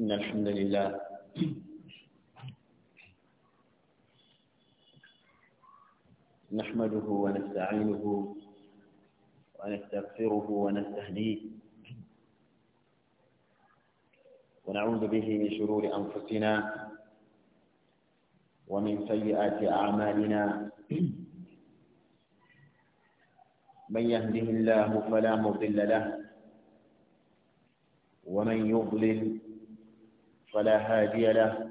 إن الحمد لله نحمده ونستعينه ونستغفره ونستهديه ونعوذ به من شرور أنفسنا ومن سيئات أعمالنا من يهده الله فلا مضل له ومن يضلل فلا هادي له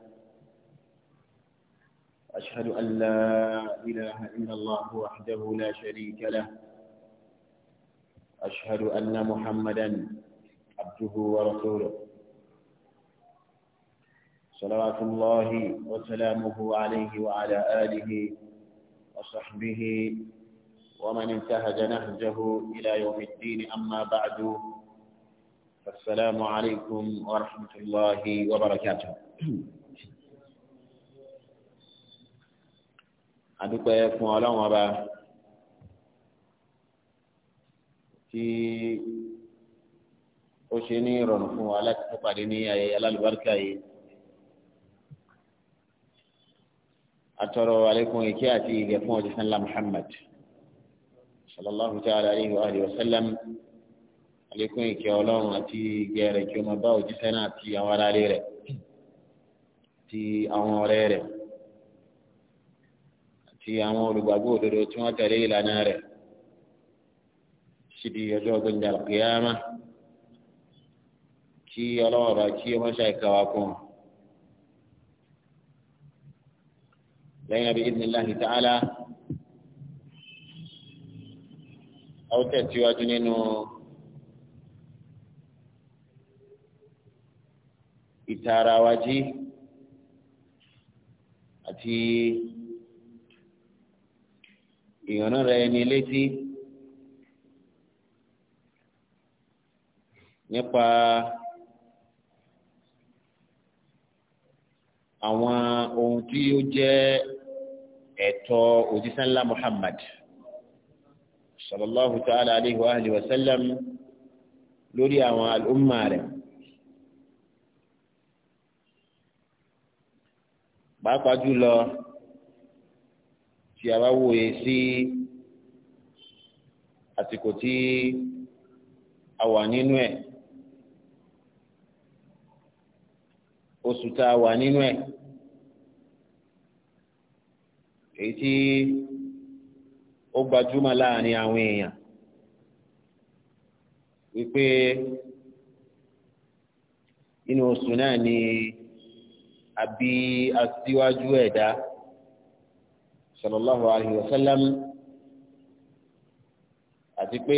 أشهد أن لا إله إلا الله وحده لا شريك له أشهد أن محمدا عبده ورسوله صلوات الله وسلامه عليه وعلى آله وصحبه ومن انتهج نهجه إلى يوم الدين أما بعد السلام عليكم ورحمة الله وبركاته adúpẹ́ fún ọlọ́run ọba tí ó ṣe ní ìrọ̀rùn fún wa láti tó pàdé ní ayé alálùbáríkà yìí atọrọ alekun ìkẹ́ àti ìgẹ̀ fún ọjọ́ sanla muhammad sallallahu ta'ala alayhi wa sallam àlékún ìkẹ́ ọlọ́run àti ìgẹ̀ rẹ̀ kí ó máa bá òjíṣẹ́ náà àti àwọn aráalé rẹ̀ àti àwọn ọ̀rẹ́ rẹ̀ àti àwọn olùgbàgbọ́ òdodo tí wọ́n tẹ̀lé ìlànà rẹ̀ sídi ọjọ́ gbẹ̀ngà kìyàmá kí ọlọ́run ọba kí ó máa ṣàìkà wá kún un. lẹ́yìn bi'idhnillahi ta'ala ó tẹ̀síwájú nínú. No ìtara wa jí àti ìrànà rẹ ní létí nípa àwọn ohun tí ó jẹ́ ẹ̀tọ́ òjíṣẹ́ ńlá Muhammad sallallahu ta'ala alayhi wa alihi wa sallam lórí àwọn al'umma rẹ̀. pàápàá jùlọ tí a bá wòye sí àsìkò tí a wà nínú ẹ̀ oṣù tá a wà nínú ẹ̀ èyí tí ó gbajúmọ̀ láàrin àwọn èèyàn wípé inú oṣù náà ni. Ni àbí aṣíwájú ẹ̀dá sallallahu alayhi wa sallam àti pé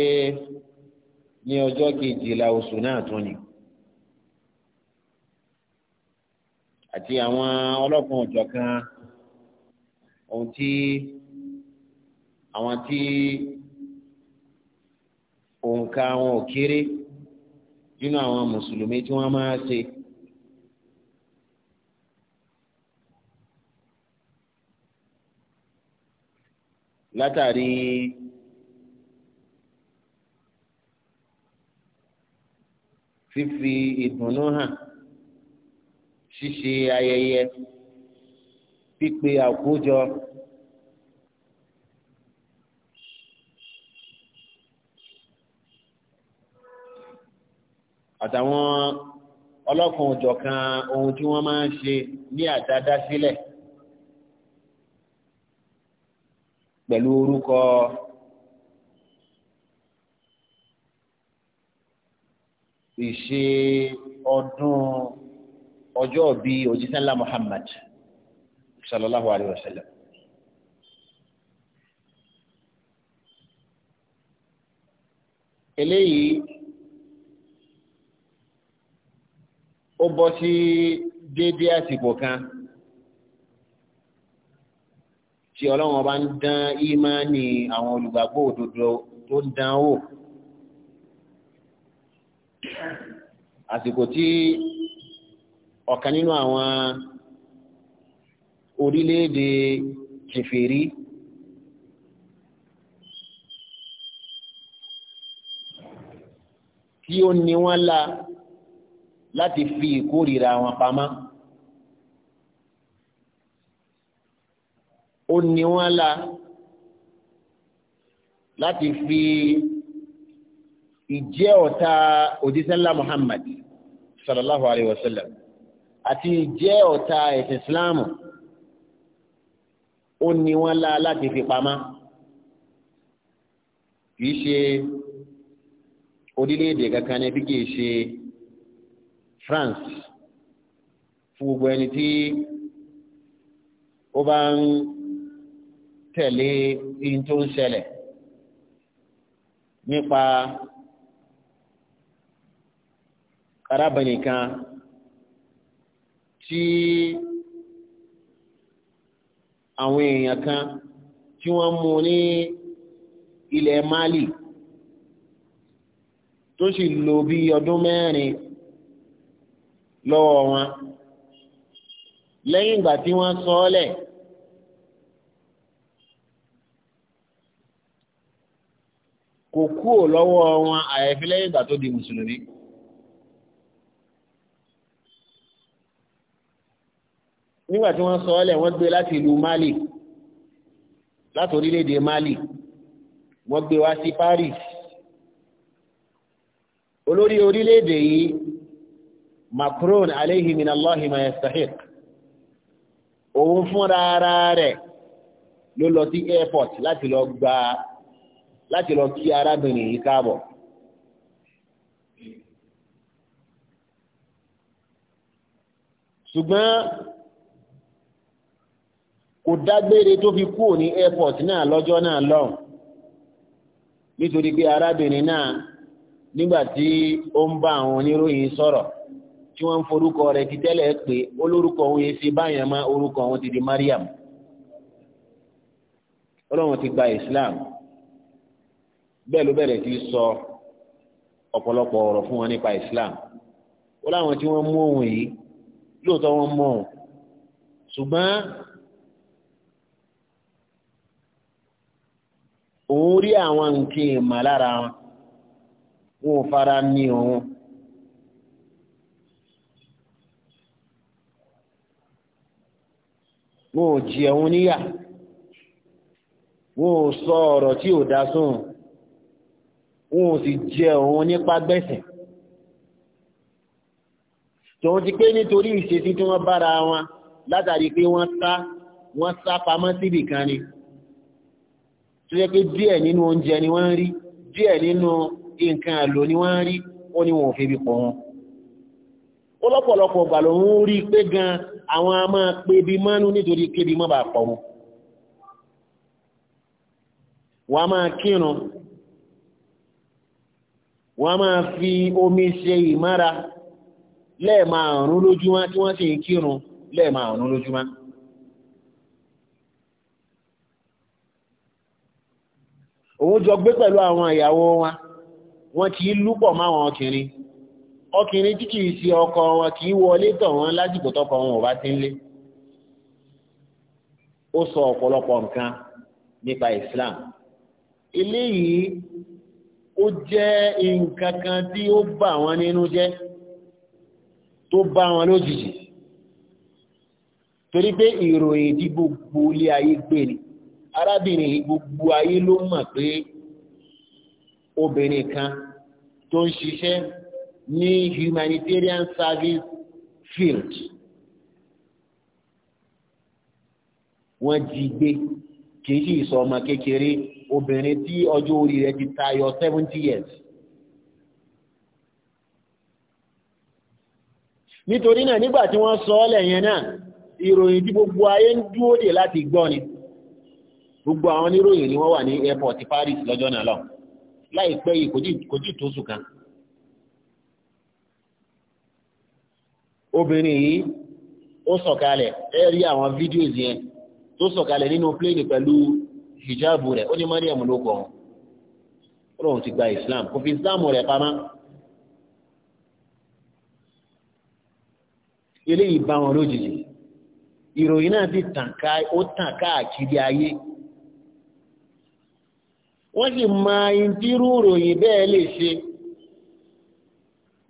ní ọjọ́ kejìlá oṣù náà tún ni àti àwọn ọlọ́kan ọ̀jọ̀ kan ohun tí àwọn tí òǹkà wọn ò kéré nínú àwọn mùsùlùmí tí wọ́n máa ṣe. látàrí fífi ìdùnnú hàn ṣíṣe ayẹyẹ pípe àkójọ. àtàwọn ọlọ́kan òjọ̀kan ohun tí wọ́n máa ń ṣe ní àdádásílẹ̀. Si pẹ̀lú orúkọ ìṣe ọdún ọjọ́ bí òjísàlá Muhammad sallallahu alayhi wa sallam. eléyìí ó bọ́ sí déédéé àsìkò kan tí ọlọ́run bá ń dán ìmánì àwọn olùgbàgbọ́ òdodo tó ń dán wò àsìkò tí ọ̀kan nínú àwọn orílẹ̀-èdè kèfèrí tí ó ní wọ́n la láti fi ìkórìíra wọn pamọ́. ó ní wọ́n la láti fi ìjẹ́ ọ̀tá òdísẹ́lá Muhammad sallallahu alaihi wasallam àti ìjẹ́ ọ̀tá ẹ̀sìn Islam ó ní wọ́n la láti fi pamá kìí ṣe orílẹ̀-èdè kankan ní kìí ṣe France fún gbogbo ẹni tí ó bá ń tẹ̀lé ihun tó ń ṣẹlẹ̀ nípa arábìnrin kan tí àwọn èèyàn kan tí wọ́n mú ní ilẹ̀ Mali tó sì lò bí ọdún mẹ́rin lọ́wọ́ wọn lẹ́yìn ìgbà tí wọ́n sọ ọ́ lẹ̀. kò kúrò lọ́wọ́ wọn àyàfi lẹ́yìn ìgbà tó di mùsùlùmí nígbà tí wọ́n sọ ọ́lẹ̀ wọ́n gbé láti ìlú Mali láti orílẹ̀-èdè Mali wọ́n gbé wá sí Paris olórí orílẹ̀-èdè yìí Macron alayhi min Allahi ma yastahiq òun fúnra ara rẹ̀ ló lọ sí airport láti lọ gba láti lọ kí arábìnrin yìí káàbọ̀. ṣùgbọ́n kò dágbére tó fi kúrò ní airport náà lọ́jọ́ náà lọ́hùn nítorí pé arábìnrin náà nígbà tí ó ń bá àwọn oníròyìn sọ̀rọ̀ tí wọ́n ń forúkọ rẹ̀ ti tẹ́lẹ̀ pé olórúkọ òun yìí ṣe báyàn máa orúkọ òun ti di Mariam ọlọ́run ti gba Islam bẹ́ẹ̀ ló bẹ̀rẹ̀ sí sọ ọ̀pọ̀lọpọ̀ ọ̀rọ̀ fún wọn nípa Islam ó láwọn tí wọ́n mú òun yìí lóòótọ́ wọ́n mọ̀ ọ́n ṣùgbọ́n òun rí àwọn nǹkan ìmọ̀ lára wọn wọn ò fara ní òun. wọn ò jẹun níyà wọn ò sọ ọ̀rọ̀ tí ò dá sóhun wọn ò sì jẹ òun nípa gbẹ̀sìn tòun ti pé nítorí ìṣesí tí wọ́n bára wọn látàrí pé wọ́n sá wọ́n sá pamọ́ síbì kan ni tó yẹ pé díẹ̀ nínú oúnjẹ ni wọ́n ń rí díẹ̀ nínú nǹkan àlò ni wọ́n ń rí ó ní wọn ò febi pọ̀ wọn ó lọ́pọ̀lọpọ̀ ọgbà lòun rí pé gan àwọn a máa pebi mọ́nú nítorí kébi mọ́ bá pọ̀ wọn wọ́n a máa kírun wọ́n máa fi omi ṣe ìmára lẹ́ẹ̀márùn lójúmọ́ tí wọ́n sì ń kírun lẹ́ẹ̀márùn lójúmọ́ òun jọ gbé pẹ̀lú àwọn ìyàwó wọn wọ́n ti lúpọ̀ máwọn ọkùnrin ọkùnrin tí kìí sí ọkọ wọn kìí wọlé tọ̀ wọn lásìkò tọkọ wọn ò bá ti ń lé ó sọ ọ̀pọ̀lọpọ̀ nǹkan nípa Islam eléyìí ó jẹ́ nǹkan kan tí ó bà wọn nínú jẹ́ tó bá wọn lójijì torí pé ìròyìn tí gbogbo ilé ayé gbé ni arábìnrin gbogbo ayé ló mọ̀ pé obìnrin kan tó ń ṣiṣẹ́ ní humanitarian service field wọ́n jí gbé kìí sí ìsọ ọmọ kékeré obìnrin tí ọjọ́ orí rẹ̀ ti tayọ seventy years. nítorí náà nígbà tí wọ́n sọ ọ́lẹ̀ yẹn náà ìròyìn tí gbogbo ayé ń dúró dè láti gbọ́ ni gbogbo àwọn oníròyìn ni wọ́n wà ní airport Paris lọ́jọ́ náà lọ láìpẹ́ yìí kò tí tó sùn kan obìnrin yìí ó sọ̀kalẹ̀ ẹ rí àwọn fídíòs yẹn tó sọ̀kalẹ̀ nínú pléènì pẹ̀lú hijabu rẹ̀ ó ní mariam ló kọ́ ọ́n lóun ti gba islam kò fi islam rẹ̀ pamọ́. eléyìí bá wọn lójijì ìròyìn náà ti tàn ká ó tàn káàkiri ayé wọ́n sì máa ń tírú ìròyìn bẹ́ẹ̀ lè ṣe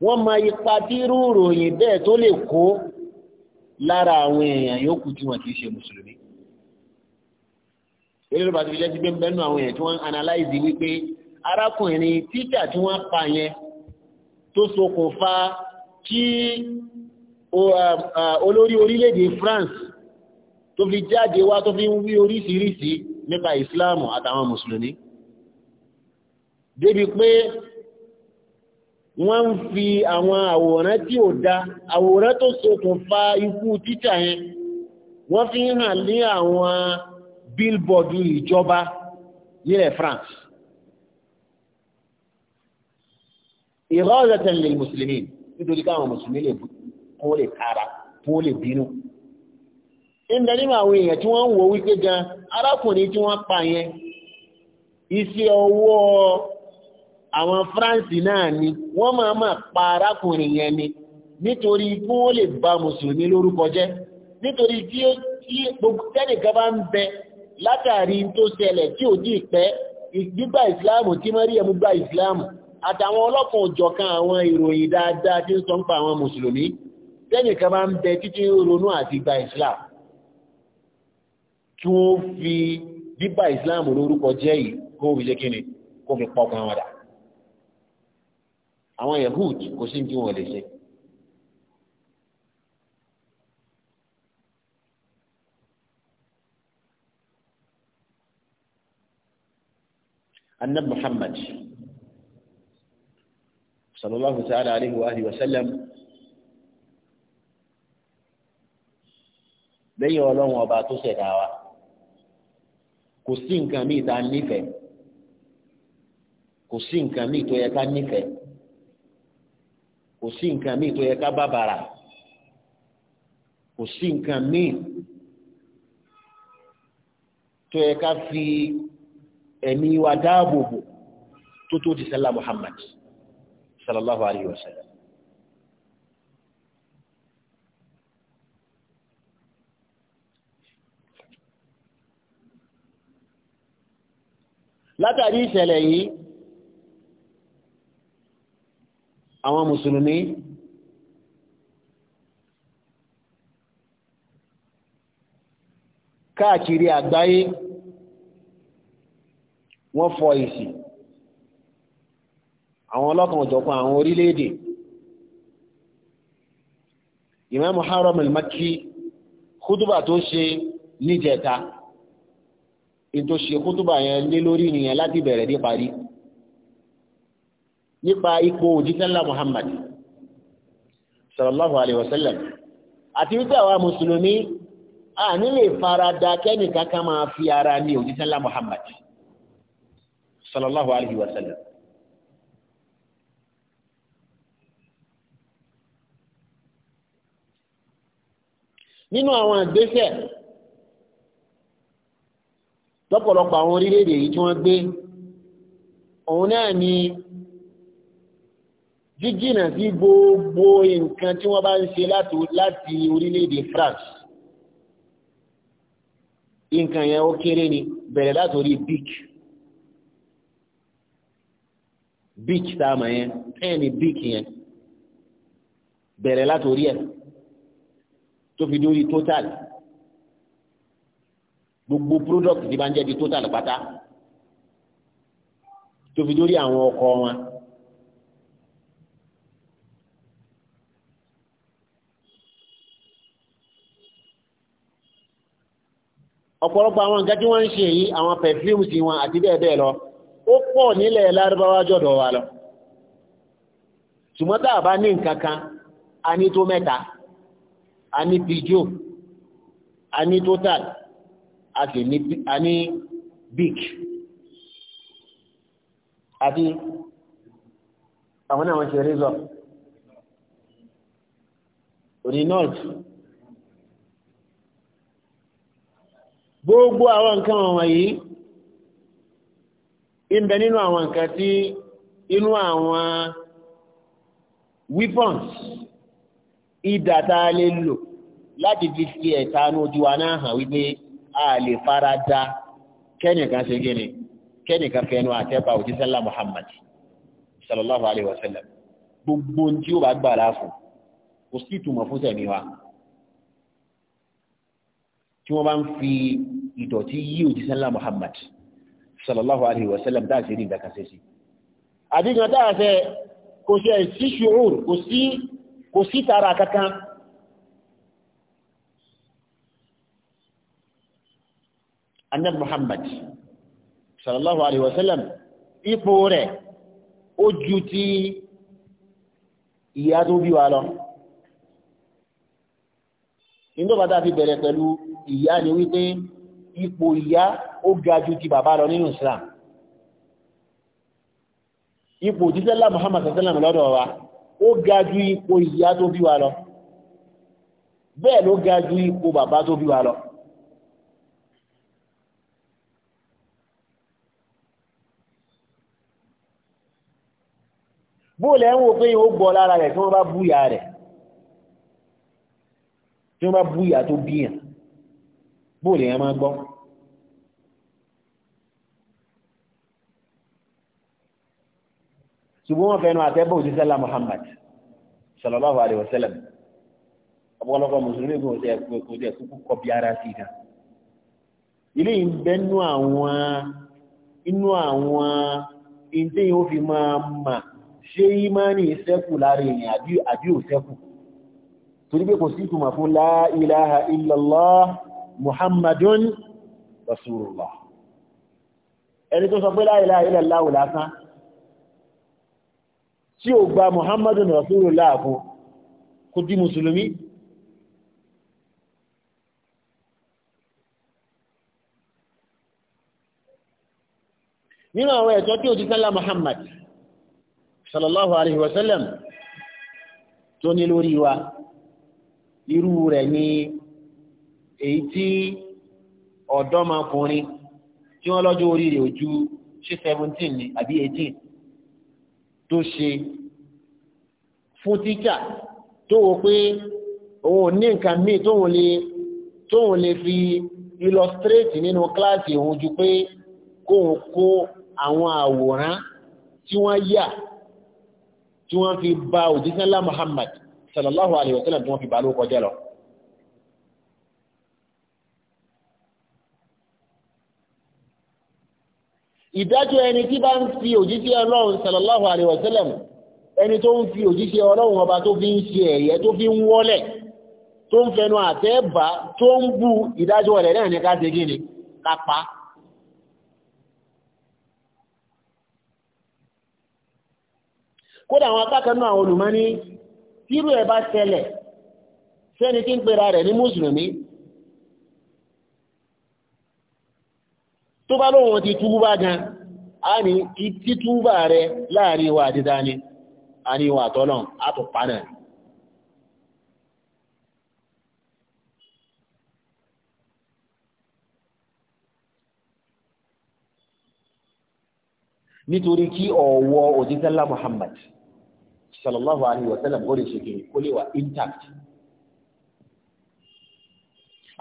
wọ́n máa ipa tírú ìròyìn bẹ́ẹ̀ tó lè kó lára àwọn èèyàn yòókù tí wọ́n ti ṣe mùsùlùmí eré ló bá ti fi jẹ́ sí pé ń bẹ́nu àwọn èèyàn tí wọ́n ń analyze wípé arákùnrin títà tí wọ́n pa yẹn tó ṣokùnfà kí um, uh, olórí orílẹ̀-èdè France tó fi jáde wá tó fi ń wí oríṣiríṣi nípa Islam àtàwọn mùsùlùmí débi pé wọ́n ń fi àwọn àwòrán tí ò dá àwòrán tó ṣokùnfà ikú títà yẹn wọ́n fi ń hàn ní àwọn bílbọ̀dù ìjọba nílẹ̀ France ìrọ́lẹ̀tẹ̀ lè mùsùlùmí nítorí káwọn mùsùlùmí lè kó lè kára kó lè bínú ìbẹ̀ nínú àwọn èèyàn tí wọ́n ń wo wípé gan arákùnrin tí wọ́n pa yẹn iṣẹ́ ọwọ́ àwọn France náà ni wọ́n máa máa pa arákùnrin yẹn ni nítorí kó lè ba mùsùlùmí lórúkọ jẹ́ nítorí tí gbogbo tẹ́nìkan bá ń bẹ látàrí tó ṣẹlẹ̀ tí ò dí ìpẹ́ gbígbà ìsìláàmù tí Màríyámù gba ìsìláàmù àtàwọn ọlọ́kan òjọ̀kan àwọn ìròyìn dáadáa tí ń sọ ń pa àwọn mùsùlùmí tẹ́nìkan bá ń bẹ títí ronú àti gba ìsìláàmù kí wọ́n fi bíbá ìsìláàmù lórúkọ jẹ́ yìí kó fi ṣe kíni kó fi pọ́kàn wọn dà àwọn Yahud kò sí ní kí wọ́n lè ṣe annab muhammad sallallahu ta'ala alaihi wa alihi wa sallam lẹ́yìn ọlọ́run ọba tó ṣẹ̀dá wa kò sí nǹkan míì tá a nífẹ̀ẹ́ kò sí nǹkan míì tó yẹ ká nífẹ̀ẹ́ kò sí nǹkan míì tó yẹ ká bàbàrà kò sí nǹkan míì tó yẹ ká fi ẹ̀mí wa dáàbòbò tó tó ti sẹ́lá Muhammad sallallahu alayhi wa sallam látàrí ìṣẹ̀lẹ̀ yìí àwọn mùsùlùmí káàkiri àgbáyé wọ́n fọ èsì àwọn ọlọ́kan ọ̀jọ̀kan àwọn orílẹ̀-èdè Imam Muharram al-Makki kútùbà tó ṣe níjẹta in tó ṣe kútùbà yẹn lé lórí nìyẹn láti bẹ̀rẹ̀ dé parí nípa ipò òjítẹ́lá Muhammad sallallahu alaihi wasallam àti wípé àwa mùsùlùmí a nílè farada kẹ́nìkan ká máa fi ara ní òjítẹ́lá Muhammad صلى الله عليه وسلم. nínú àwọn ìgbésẹ̀ lọ́pọ̀lọpọ̀ àwọn orílẹ̀-èdè yìí tí wọ́n gbé òun náà ni jíjìnà sí gbogbo nǹkan tí wọ́n bá ń ṣe láti orílẹ̀ France nǹkan yẹn ó kéré ni bẹ̀rẹ̀ látorí bíkì beach tá a mọ̀ yẹn ẹ̀yìn ni beach yẹn bẹ̀rẹ̀ látòrí ẹ̀ tó fi dórí total gbogbo product tí bá ń jẹ́ di total pátá tó fi dórí àwọn ọkọ̀ wọn. ọ̀pọ̀lọpọ̀ àwọn nǹkan tí wọ́n ń ṣe yìí àwọn perfumes wọn àti bẹ́ẹ̀ bẹ́ẹ̀ lọ ó pọ̀ nílẹ̀ lárúbáwá jọ̀dọ̀ wa lọ ṣùgbọ́n tá a bá ní nǹkan kan a ní tó mẹ́ta a ní pidgin a ní total a sì ní big àti àwọn náà wọ́n ṣe razor renault gbogbo àwọn nǹkan wọ̀nyí ìbẹ nínú àwọn nǹkan tí inú àwọn weapons ìdà tá a lè lò láti fi fi ẹ̀ta ní ojú wa náà hàn wípé a lè fara da kẹ́nìkan ṣe gẹ́ni kẹ́nìkan fẹ́nu àtẹ́bà òjísẹ́lá Muhammad sallallahu alaihi wasallam gbogbo tí ó bá gbàrá fún kò sí ìtumọ̀ fún tẹ̀mí wa tí wọ́n bá ń fi ìdọ̀tí yí òjísẹ́lá Muhammad sallallahu alaihi wasallam dáà sí rí ìdáka sí sí àdígan dáà fẹ́ kò sí ẹ̀sí ṣùúr kò sí tara kankan annab muhammad sallallahu alaihi wasallam ipò rẹ̀ ó ju ti ìyá tó bí wa lọ inú bàtà fi bẹ̀rẹ̀ pẹ̀lú ìyá ni wípé ipò ìyá ó ga ju ti bàbá lọ nínú Islam ipò títẹ́lá Muhammad sallam lọ́dọ̀ wa ó ga ju ipò ìyá tó bí wa lọ bẹ́ẹ̀ ló ga ju ipò bàbá tó bí wa lọ bóòlẹ̀ ń wò pé yóò gbọ́ lára rẹ̀ tí wọ́n bá búyà rẹ̀ tí wọ́n bá búyà tó bíyàn bóòlù yẹn máa gbọ́. ṣùgbọ́n wọn fẹ́nu àtẹ́bọ̀ òjíṣẹ́ la Muhammad sallallahu alayhi wa sallam ọ̀pọ̀lọpọ̀ mùsùlùmí kò tẹ̀ kò tẹ̀ kúkú kọ bí ara sí kan. ilé yìí ń bẹ nú àwọn inú àwọn ìdí yóò fi máa mà ṣé ìmánì sẹ́kù lára èèyàn àbí òsẹ́kù torí pé kò sí ìtumọ̀ fún la ilaha muhammadun rasulullah ẹni tó sọ pé la ilaha illallah lásán tí ó gba muhammadun rasulullah fún kò di mùsùlùmí nínú àwọn ẹ̀tọ́ tí ó ti sẹ́lá muhammad sallallahu alaihi wasallam tó ní lórí wa irú rẹ̀ ni èyí tí ọ̀dọ́mọkùnrin tí wọ́n lọ́jọ́ orí rẹ̀ ojú ṣe seventeen ni àbí eighteen tó ṣe fún tíjà tó wò pé òun ní nǹkan míì tóun lè tóun lè fi illustrate nínú kíláàsì òun ju pé kóun kó àwọn àwòrán tí wọ́n yà tí wọ́n fi ba òjíṣẹ́ ńlá Muhammad sallallahu alayhi wa sallam tí wọ́n fi bá ló kọjá lọ. ìdájọ́ ẹni tí bá ń fi òjíṣẹ́ ọlọ́run sallallahu alaihi wasallam ẹni tó ń fi òjíṣẹ́ ọlọ́run ọba tó fi ń ṣe ẹ̀yẹ tó fi ń wọ́lẹ̀ tó ń fẹnu àtẹ́bà tó ń bú ìdájọ́ rẹ̀ náà ní ká ṣe gíní kápá kódà àwọn apákanú àwọn olùmọ́ ní tírú ẹ̀ bá ṣẹlẹ̀ sẹ́ni tí ń pera rẹ̀ ní mùsùlùmí tó bá lóhun ti túbá gan a ní tí túbá rẹ láàrin wa àti dání a ní wa tọ́lọ̀ àtùpá náà nítorí kí ọ̀wọ́ òjíṣẹ́lá Muhammad sallallahu alaihi wasallam ó lè ṣe kìí kó lè wà intact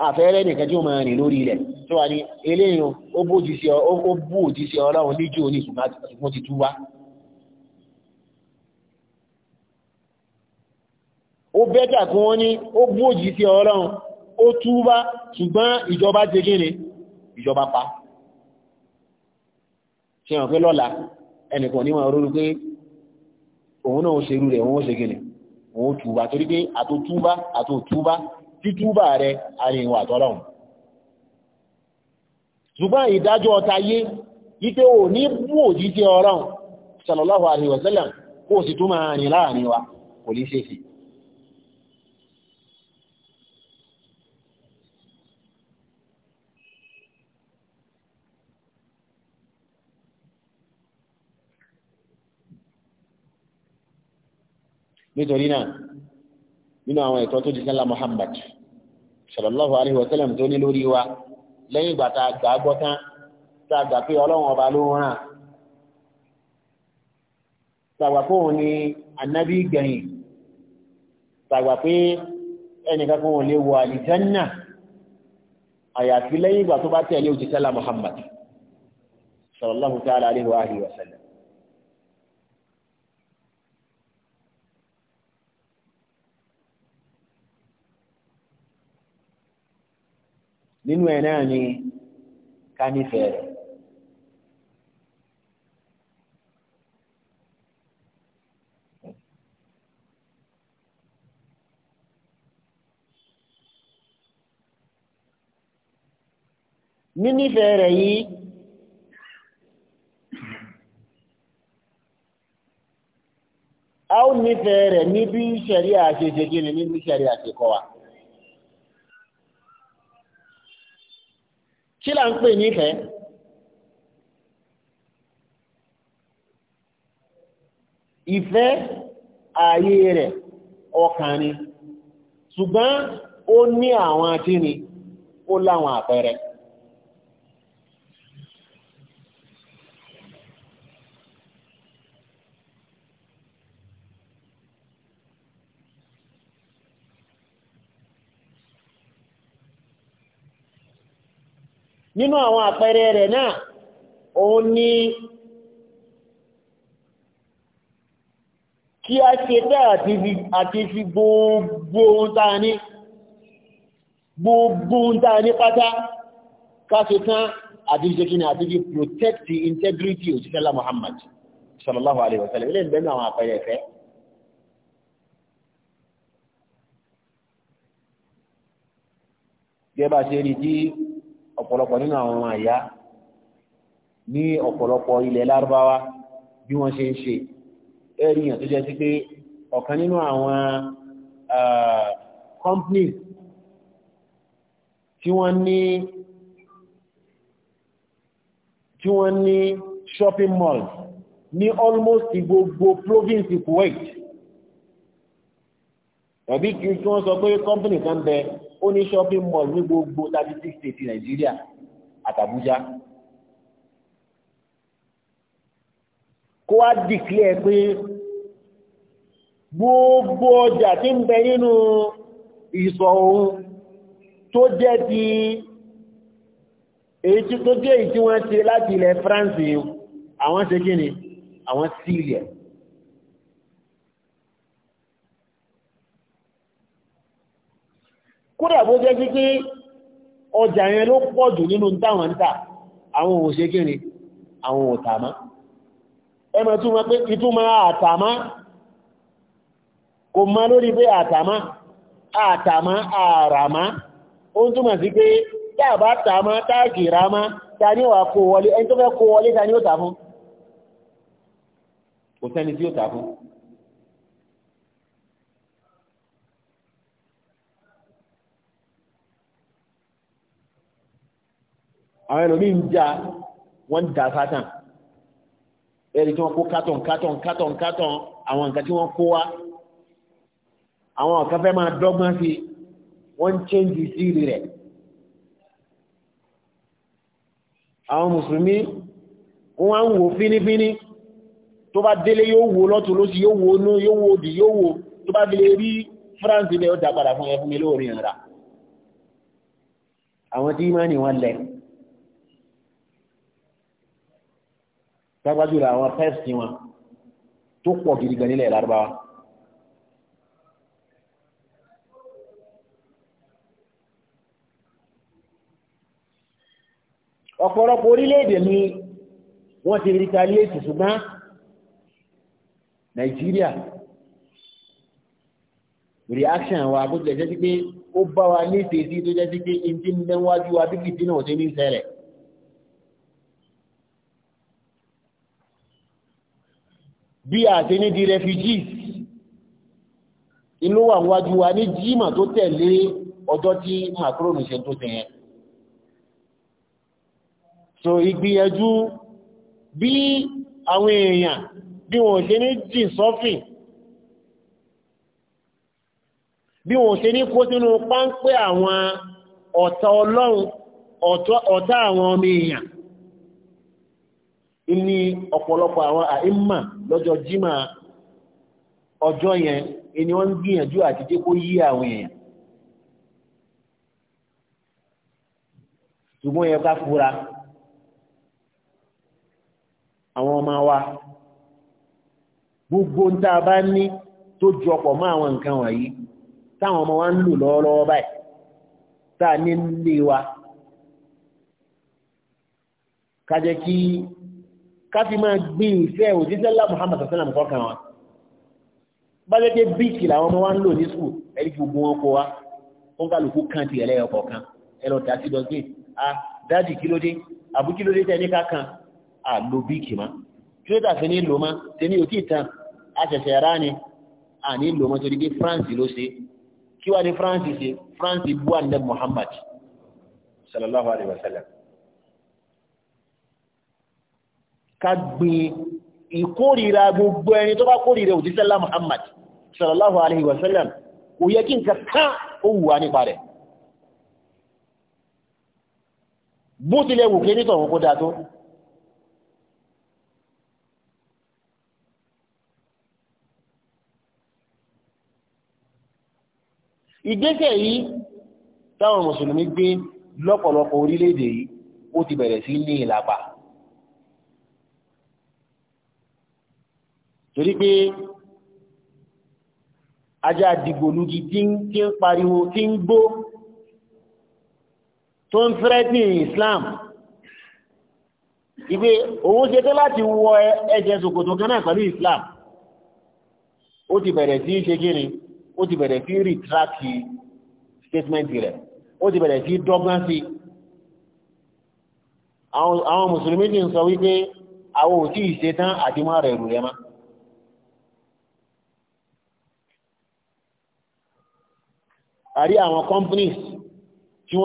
àfẹ́rẹ́ nìkan tí ó máa rìn lórí ilẹ̀ tó wà ní eléyìn ó bú òjíṣẹ́ ọlọ́run níjú ní ṣùgbọ́n ti túwá ó bẹ́tà kún wọ́n ní ó bú òjíṣẹ́ ọlọ́run ó túwá ṣùgbọ́n ìjọba ti gíní ìjọba pa ṣe hàn pé lọ́la ẹnìkan ní wọn rúrú pé òun náà ó ṣerú rẹ̀ òun ó ṣe gíní òun túwá torí pé àtòtúwá àtòtúwá títúbà rẹ àríwà tọ́lọ́hùn ṣùgbọ́n ìdájọ́ ọta yé wípé ò ní bú òjíṣẹ́ ọlọ́run sallallahu alaihi wasallam kó sì tún máa rìn láàrin wa kò ní ṣe sí nítorí náà nínú àwọn ẹ̀tọ́ tó jíṣẹ́ ńlá Muhammad sallallahu alaihi wa sallam tó ní lórí wa lẹ́yìn ìgbà tá a gbà á gbọ́ tán tá a gbà pé ọlọ́run ọba ló ràn tàgbà pé òun ni ànábì gbẹ̀yìn tàgbà pé ẹnìkan kan ò lè wọ àlìjánná àyàfi lẹ́yìn ìgbà tó bá tẹ̀lé òjíṣẹ́ ńlá Muhammad sallallahu ta'ala alaihi wa sallam nínú ẹ̀ náà ni ká nífẹ̀ẹ́ rẹ̀. nínífẹ̀ẹ́ rẹ̀ yìí a ó nífẹ̀ẹ́ rẹ̀ níbi ìṣẹ̀rí àṣeṣe kí ni níbi ìṣẹ̀rí àṣekọ́ wa. kí là ń pè nífẹ̀ẹ́ ìfẹ́ ààyè rẹ̀ ọkàn ni ṣùgbọ́n ó ní àwọn akíni ó láwọn àpẹẹrẹ nínú àwọn àpẹẹrẹ rẹ̀ náà òun ni kí a ṣe tẹ́ àti fi gbogbo ohun tàà ní gbogbo ohun tàà ní pátá ká ṣe tán àti ṣe kíni àti fi protect the integrity of òṣìṣẹ́lá Muhammad sallallahu alaihi wasallam ilé ìbẹ̀rẹ̀ àwọn àpẹẹrẹ ẹ̀fẹ́ gẹ́bà ṣe rí tí ọ̀pọ̀lọpọ̀ nínú àwọn ọmọ àyá ní ọ̀pọ̀lọpọ̀ ilẹ̀ lárúbáwá bí wọ́n ṣe ń ṣe ẹ̀ríyàn tó jẹ́ sí pé ọ̀kan nínú àwọn companies tí wọ́n ní tí wọ́n ní shopping malls ní almost gbogbo province Kuwait tàbí kí wọ́n sọ pé company kan bẹ́ẹ̀ ó ní shopping mall ní gbogbo thirty six state nàìjíríà àtàbújá kó wá dìklẹ̀ pé gbogbo ọjà tí ń bẹ nínú ìsọ̀ ohun tó jẹ́ ti èyí tó jẹ́ èyí tí wọ́n ṣe láti ilẹ̀ France àwọn ṣe kí ni àwọn sí ilẹ̀ kódà bó jẹ́ pípé ọjà yẹn ló pọ̀ jù nínú táwọn ń tà àwọn òṣè kéré àwọn òtàmá ẹmọ̀ túnmọ̀ pé ìtúnmọ̀ àtàmá kò mọ́ lórí pé àtàmá àtàmá àràmá ó ń túnmọ̀ sí pé tàbá tàmá tàgìrámá ta ní wà kó wọlé ẹni tó fẹ́ kó wọlé ta ní ó tà fún àwọn ẹlòmíì ń já wọ́n ń dà sátàn ẹ̀rí tí wọ́n kó kátọ̀n kátọ̀n kátọ̀n kátọ̀n àwọn nǹkan tí wọ́n kó wá àwọn ọ̀kan fẹ́ máa dọ́gbọ́n sí wọ́n ń chẹ́ǹjì síìrì rẹ̀ àwọn mùsùlùmí wọ́n ń wò fínífíní tó bá délé yóò wò lọ́tún lóṣì yóò wò nú yóò wò dì yóò wò tó bá délé rí France ilẹ̀ ó dà padà fún ẹfún mi lóòrin ara àwọn tí ìmánì wọn lẹ́nu pápájú rẹ̀ àwọn pẹ́ẹ̀sì wọn tó pọ̀ gidi gan nílẹ̀ lárúbáwá. ọ̀pọ̀lọpọ̀ orílẹ̀-èdè ni wọ́n ti retaliate ṣùgbọ́n Nàìjíríà reaction wa bó tilẹ̀ jẹ́ sí pé ó bá wa ní ìfèsí tó jẹ́ sí pé ìdí ń bẹ́wájú wa bí kìtì náà ṣe ní ìṣẹ̀lẹ̀ bí àti ní di refugees inú wà wájú wa ní jíma tó tẹ̀lé ọjọ́ tí Macron ṣe tó tẹ̀yẹ so ìgbìyànjú bí àwọn èèyàn bí wọ́n ṣe ní jìn sọ́fìn bí wọ́n ṣe ní kó sínú páńpẹ́ àwọn ọ̀tá ọlọ́run ọ̀tá àwọn ọmọ èèyàn ní ọ̀pọ̀lọpọ̀ àwọn àìmà lọ́jọ́ jímà ọjọ́ yẹn ni wọ́n ń gbìyànjú àti jẹ́ kó yí àwọn èèyàn ṣùgbọ́n ká fura ọmọ wa gbogbo ń tá a bá ní tó ju ọ̀pọ̀ mọ́ àwọn nǹkan wọ̀nyí táwọn ọmọ wa ń lò lọ́wọ́lọ́wọ́ báyìí tá a ní wa ká káfí máa gbé ìfẹ́ òjíṣẹ́lá Muhammad sallam kọ́kàn wa bá jẹ́ pé bíìkì làwọn ọmọ wa ń lò ní skul ẹni gbogbo wọn kó wa ó ń kan ti ẹ̀lẹ́ ọkọ̀ kan ẹlọ tà sí a dájì kílódé àbú kílódé tẹ ní kákan a lo bíìkì ma kí ló tàfi ní lò ma tẹ ní òtí a ṣẹ̀ṣẹ̀ rá ni a ní lò ma torí pé France ló ṣe kí wá ní France ṣe France bú àndẹ Muhammad sallallahu alaihi wa sallam ká gbin ìkórìíra gbogbo ẹni tó bá kórìíra òjíṣẹ́lá Muhammad sallallahu alaihi wasallam kò yẹ kí n ka ká òwú wa nípa rẹ̀ bó tilẹ̀ wù kí nítọ̀ òun kó tó ìgbésẹ̀ yìí táwọn mùsùlùmí gbé lọ́pọ̀lọpọ̀ orílẹ̀-èdè yìí ó ti bẹ̀rẹ̀ sí ní ìlàpàá torí pé ajá dìgbòlugi tí ń pariwo tí ń gbó tó ń fẹ́rẹ́tì Islam ìgbé òun ṣe tẹ́ láti wọ ẹ̀jẹ̀ ṣòkòtò kan náà pẹ̀lú Islam ó ti bẹ̀rẹ̀ sí ṣe kíni ó ti bẹ̀rẹ̀ sí retract statement rẹ̀ ó ti bẹ̀rẹ̀ sí dọ́gbọ́n sí àwọn mùsùlùmí ti ń sọ wípé àwọn ò tí ì ṣetán àti má rẹ̀ rù rẹ̀ máa àrí àwọn companies tí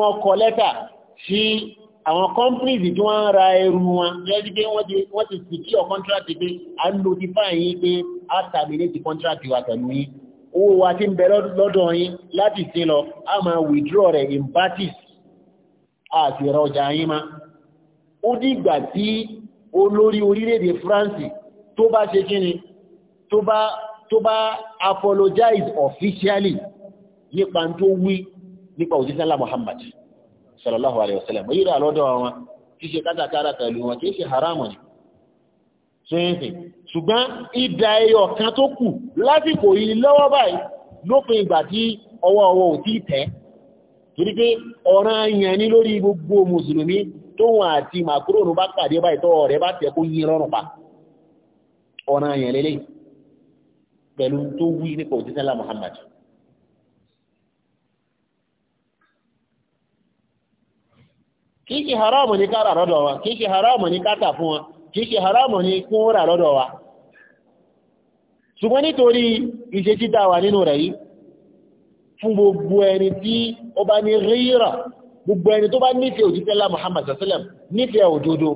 wọ́n kọ lẹ́tà sí àwọn companies tí wọ́n ra ẹrù wọn yẹ́jú pé wọ́n ti sì kí ọ contract pé a ń notify yín pé a terminate contract wà pẹ̀lú yín owó wa tí ń bẹ lọ́dọ̀ yín láti sí lọ a máa withdraw rẹ̀ in parties àti ra ọjà yín ma ó dìgbà tí olórí orílẹ̀-èdè France tó bá ṣe kíni tó bá apologize officially nípa tó wí nípa òjísẹ́lá Muhammad sallallahu alaihi wasallam yìí rà lọ́dọ̀ wọn kí ṣe kátàkárà pẹ̀lú wọn kí ṣe haramu ni ṣeéṣe ṣùgbọ́n ìdá ẹyọ kan tó kù lásìkò yìí lọ́wọ́ báyìí lópin ìgbà tí ọwọ́ ọwọ́ ò tí tẹ́ torí pé ọ̀ràn yẹn ní pa ọ̀ràn yẹn lélẹ́yìí pẹ̀lú tó wí nípa òjísàlá Muhammad. kì í ṣe haramu ní kára lọ́dọ̀ wa kì í ṣe haramu ní káta fún wa kì í ṣe haramu ní kún rà lọ́dọ̀ wa ṣùgbọ́n nítorí ìṣe títà wà nínú rẹ̀ yìí fún gbogbo ẹni tí ó bá ní ríra gbogbo ẹni tó bá nífẹ̀ẹ́ òjísẹ́lá Muhammad sallam nífẹ̀ẹ́ òdodo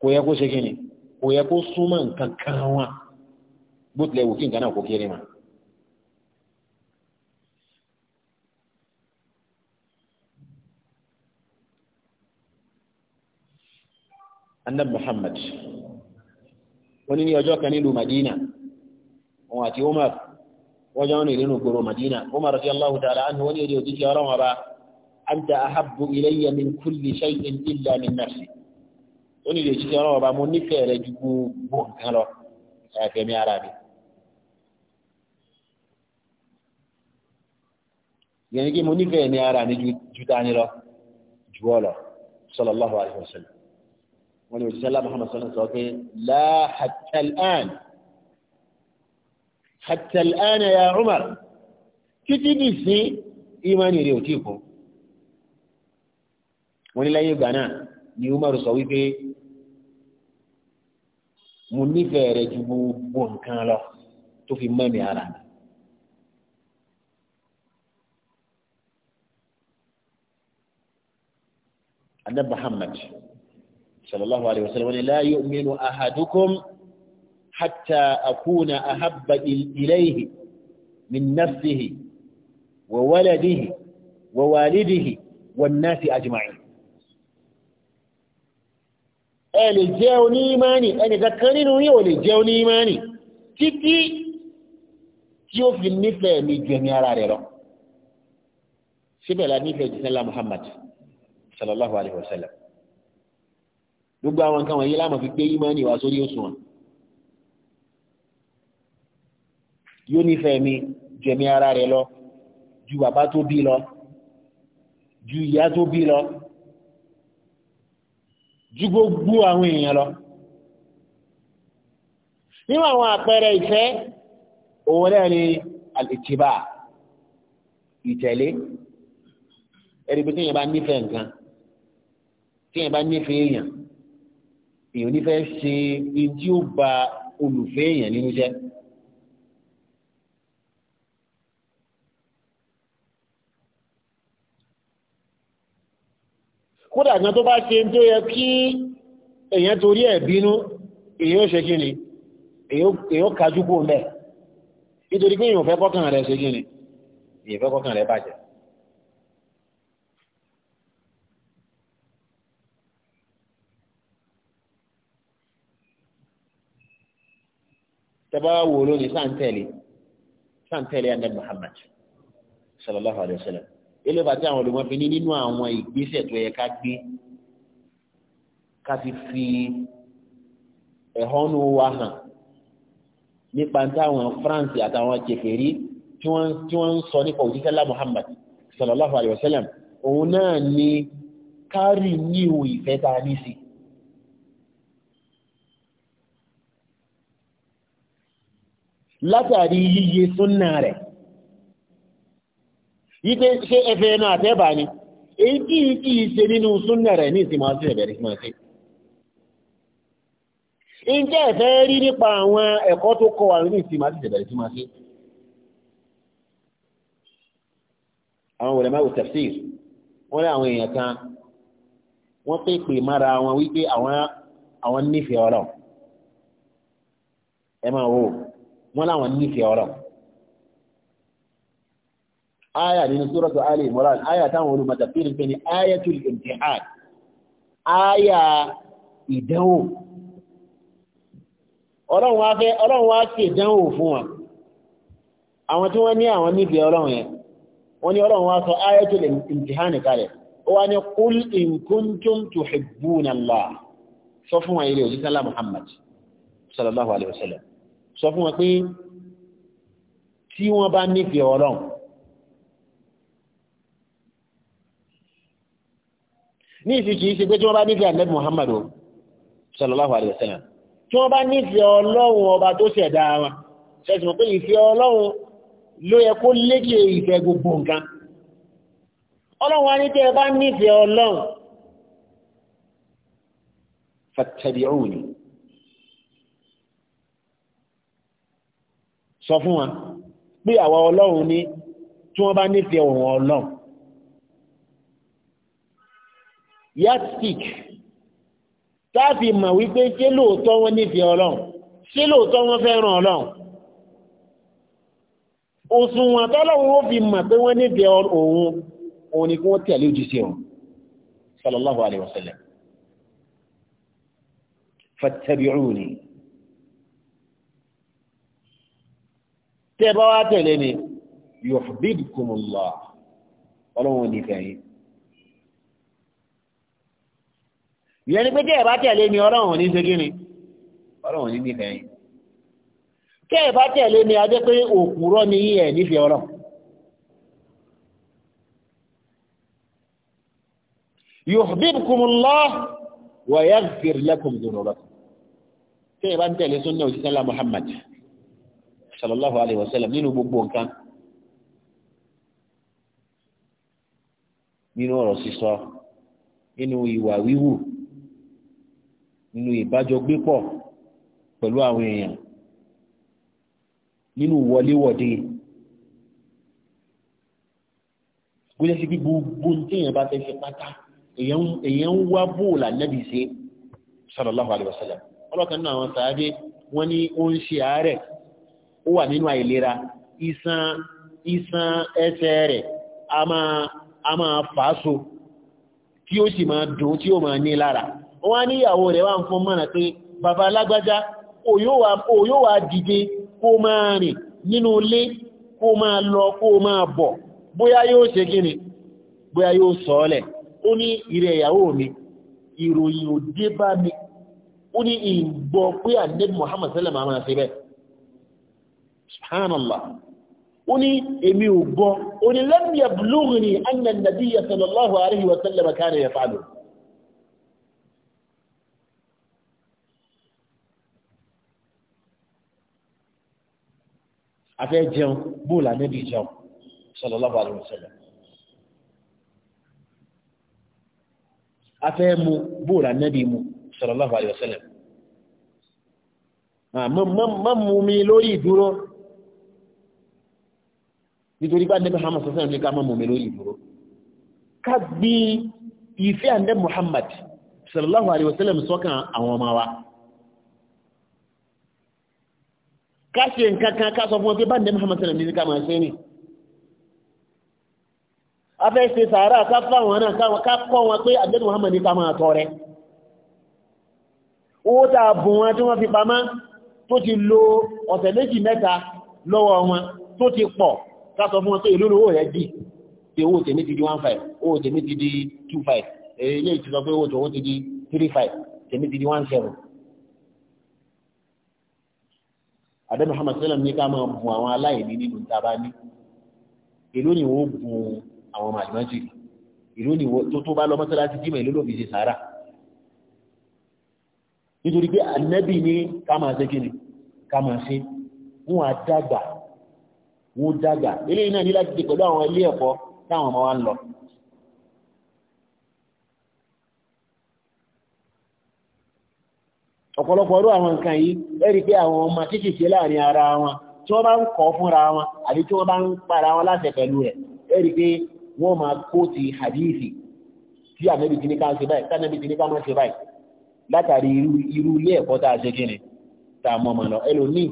kò yẹ kó ṣe kí ni kò yẹ kó súnmọ́ nǹkan kan wá bó tilẹ̀ wò kí nǹkan náà kó kéré mà. annabi muhammad wọ́n ní ọjọ́ kan nílùú madina wọn àti umar wọ́n jẹ́ wọ́n ní nínú ògbòrò madina umar allahu ta'ala anhu wọ́n ní èdè òjijì ọ̀rọ̀ wọn ba anta ahabbu ilayya min kulli shay'in illa min nafsi ó ní ìrètí tí ọlọ́wọ́ bá mo nífẹ̀ẹ́ rẹ ju gbogbo nǹkan lọ ẹ̀fẹ̀mí ara mi. ìyẹn ni pé mo nífẹ̀ẹ́ ní ara mi ju tani lọ ju ọ lọ sallallahu alaihi wasallam wọn ni òṣìṣẹ́ aláàbò hàn sọ́nà sọ pé la hatta an hatta an ya Umar títí dì sí ìmánì rẹ̀ ò tí kù wọ́n ní láyé ìgbà ni Umar sọ wípé mo ní rẹ ju gbogbo nǹkan lọ tó fi mọ́ mi ara mi. Adé Muhammad sallallahu alayhi wa sallam wani la yu'minu ahadukum hatta akuna ahabba ilayhi min nafsihi wa waladihi wa walidihi wa nafi ajma'in. ẹ lè jẹ́ onímọ́ni ẹni kankan nínú yín ò lè jẹ́ onímọ́ni títí tí ó fi nífẹ̀ẹ́ mi ju ẹ̀mí ara rẹ̀ lọ síbẹ̀ la nífẹ̀ẹ́ jisẹ́lá Muhammad sallallahu alayhi wa sallam gbogbo àwọn nǹkan wọ̀nyí láàmú fi pé ìmọ́ni wá sórí òṣùwọ̀n yóò nífẹ̀ẹ́ mi ju ẹ̀mí ara rẹ̀ lọ ju bàbá tó bí lọ ju ìyá tó bí lọ ju gbogbo àwọn èèyàn lọ nínú àwọn àpẹẹrẹ ìfẹ́ òun náà ni àlìtìbà ìtẹ̀lé ẹ̀rí pé téèyàn bá nífẹ̀ẹ́ nǹkan téèyàn bá nífẹ̀ẹ́ èèyàn èèyàn nífẹ̀ẹ́ ṣe ní tí ó ba olùfẹ́ èèyàn nínú jẹ́ kódà gan tó bá ṣe tó yẹ kí èyàn torí ẹ̀ bínú èyàn ṣe kí ni èyàn kájú kó mẹ́ nítorí pé èyàn fẹ́ kọ́kàn rẹ̀ ṣe kí ni èyàn fẹ́ kọ́kàn rẹ̀ bàjẹ́ tẹ́bá wò lónìí sáà ń tẹ̀lé sáà Muhammad sallallahu alayhi wa sallam eléba tí àwọn olùmọ̀ fi ní nínú àwọn ìgbésẹ̀ tó yẹ ká gbé ká fi fi ẹ̀hónú wa hàn nípa táwọn France àtàwọn kèfèrí tí wọ́n ń sọ nípa òjíṣẹ́ Muhammad sallallahu alayhi wa sallam òun náà ni kárì ní ìwò ìfẹ́ ta ní sí látàrí yíye súnnà rẹ̀ yípe ṣe ẹfẹ́ ẹnu àtẹ́bà ni èyí tí kì í ṣe nínú súnnà rẹ̀ ní ìsinmi àti ẹ̀bẹ̀rẹ̀ máa ṣe ń jẹ́ ẹ̀fẹ́ rí nípa àwọn ẹ̀kọ́ tó kọ́ wa ní ìsinmi àti ẹ̀bẹ̀rẹ̀ tí máa ṣe àwọn wòlẹ̀ máa wò tafsir wọ́n lé àwọn èèyàn kan wọ́n pè pè mára wọn wípé àwọn nífẹ̀ẹ́ ọ̀rọ̀ ẹ máa wò wọ́n láwọn nífẹ̀ẹ́ ọ̀rọ̀ aya nínú sórọ́tọ̀ Ali Imran aya táwọn olùmọ̀tàfírin pé ní ayatul imtihan aya ìdánwò ọlọ́run wá fẹ́ ọlọ́run wá sí ìdánwò fún wa àwọn tí wọ́n ní àwọn níbi ọlọ́run yẹn wọ́n ní ọlọ́run wá sọ ayatul imtihan kalẹ̀ ó wá ní qul in kuntum tuhibbuna Allah sọ fún wa ilé òjísàlá Muhammad sallallahu alaihi wasallam sọ fún wa pé tí wọ́n bá níbi ọlọ́run ní ìsìn kìí ṣe pé tí wọ́n bá nífẹ̀ẹ́ ànábì muhammadu sallallahu alaihi wasallam tí wọ́n bá nífẹ̀ẹ́ ọlọ́run ọba tó ṣẹ̀dá wọn ṣẹ́sì mọ̀ pé ìfẹ́ ọlọ́run ló yẹ kó lékè ìfẹ́ gbogbo nǹkan ọlọ́run wa bá nífẹ̀ẹ́ ọlọ́run fattabi'uni sọ fún wa pé àwa ọlọ́run ní tí wọ́n bá nífẹ̀ẹ́ ọ̀run ọlọ́run yardstick táàfì mọ̀ wípé ṣé lóòótọ́ wọn nífẹ̀ẹ́ ọlọ́run ṣé lóòótọ́ wọn fẹ́ràn ọlọ́run òṣùwọ̀n tọ́lọ́run ó fi mọ̀ pé wọ́n nífẹ̀ẹ́ òun òun ni kí wọ́n tẹ̀lé òjíṣẹ́ òun sallallahu alaihi wasallam fattabi'uni tẹ́ bá wá tẹ̀lé ni yuhbibkumullah ọlọ́run nífẹ̀ẹ́ ìyẹn ni pé tẹ́ ẹ̀ bá tẹ̀lé mi ọlọ́run ní ṣe kíni ọlọ́run ní nífẹ̀ẹ́ yìí tẹ́ ẹ̀ bá tẹ̀lé mi adé pé òkúrọ́ ni yí ẹ̀ nífẹ̀ẹ́ ọlọ́run yuhbibkumullah wa yaghfir lakum dhunubakum tẹ́ ẹ̀ bá ń tẹ̀lé sunna òṣìṣẹ́ la Muhammad sallallahu alayhi nínú ọ̀rọ̀ sísọ nínú ìwà wíwù nínú ìbájọgbépọ̀ pẹ̀lú àwọn èèyàn nínú wọléwọ̀de gbọ́dọ̀ sí gbogbo tí èèyàn bá fẹ́ ṣe pátá èèyàn ń wá bóòlà nẹ́bì sí sallallahu alaihi wasallam ọlọ́kan náà àwọn sàádé wọ́n ní ó ń ṣe àárẹ̀ ó wà nínú àìlera iṣan iṣan ẹsẹ̀ rẹ̀ a máa fàáso tí ó sì máa dùn tí ó máa ní lára wọ́n ní ìyàwó rẹ̀ wá ń fún mọ́nà pé bàbá alágbájá ó yóò wá dìde kó máa rìn nínú ilé kó máa lọ kó máa bọ̀ bóyá yóò ṣe gíní bóyá yóò sọ́ọ̀lẹ̀ ó ní ìrẹ̀ ìyàwó mi ìròyìn ò dé bá mi ó ní ìgbọ́ pé ànábì Muhammad sallam àmà sí bẹ́ afẹ́ jẹun bóòlù ànábì jẹun sallallahu alaihi wasallam afẹ́ mu bóòlù ànábì mu sallallahu alaihi wasallam má mú mi lórí ìdúró nítorí bá nẹ́bí Muhammad sọ́sẹ́ ní ká má mú mi lórí ìdúró ká gbí ìfẹ́ àndẹ́ Muhammad sallallahu alaihi wasallam sọ́kàn àwọn ọmọ wa ká ṣe nǹkan kan ká sọ fún ọdún bá ní Muhammad sallam ní ká máa ṣe ní afẹ́ ṣe sàárà ká fáwọn náà ká kọ́ wọn pé àjẹ́dù Muhammad ní ká máa tọrẹ owó tá a bùn wọn tí wọ́n fi pamá tó ti lo ọ̀sẹ̀ méjì mẹ́ta lọ́wọ́ wọn tó ti pọ̀ ká sọ fún wọn pé ìlú owó rẹ̀ dì pé owó tèmi ti di 15 owó tèmi ti di 25 èyí owó tèmi ti di 35 tèmi ti adé muhammad sallam ní ká máa bùn àwọn aláìní nínú tàbá ní ìlú ni wọ́n bùn àwọn màlìmájì ìlú ni wọ́n tó bá lọ mọ́sálásí jímọ̀ ìlú ló fi ṣe sàárà nítorí pé ànábì ní ká máa ṣe kíni ká máa ṣe wọ́n á dàgbà wọ́n dàgbà eléyìí náà ní láti pẹ̀lú àwọn ilé ẹ̀kọ́ táwọn ọmọ wa ń lọ ọ̀pọ̀lọpọ̀ ọdún àwọn nǹkan yìí ẹ̀rí pé àwọn ọmọ títì sí láàrin ara wọn tí wọ́n bá ń kọ́ fúnra wọn àbí tí wọ́n bá ń para wọn láti pẹ̀lú rẹ̀ ẹ̀rí pé wọ́n máa kó ti hadithi tí ànábì ti ní ká ṣe báyìí tánàbì ti ní ká máa ṣe báyìí látàrí irú ilé ẹ̀kọ́ tá a ṣe kí ni tá a mọ̀ mọ̀ lọ ẹlòmíì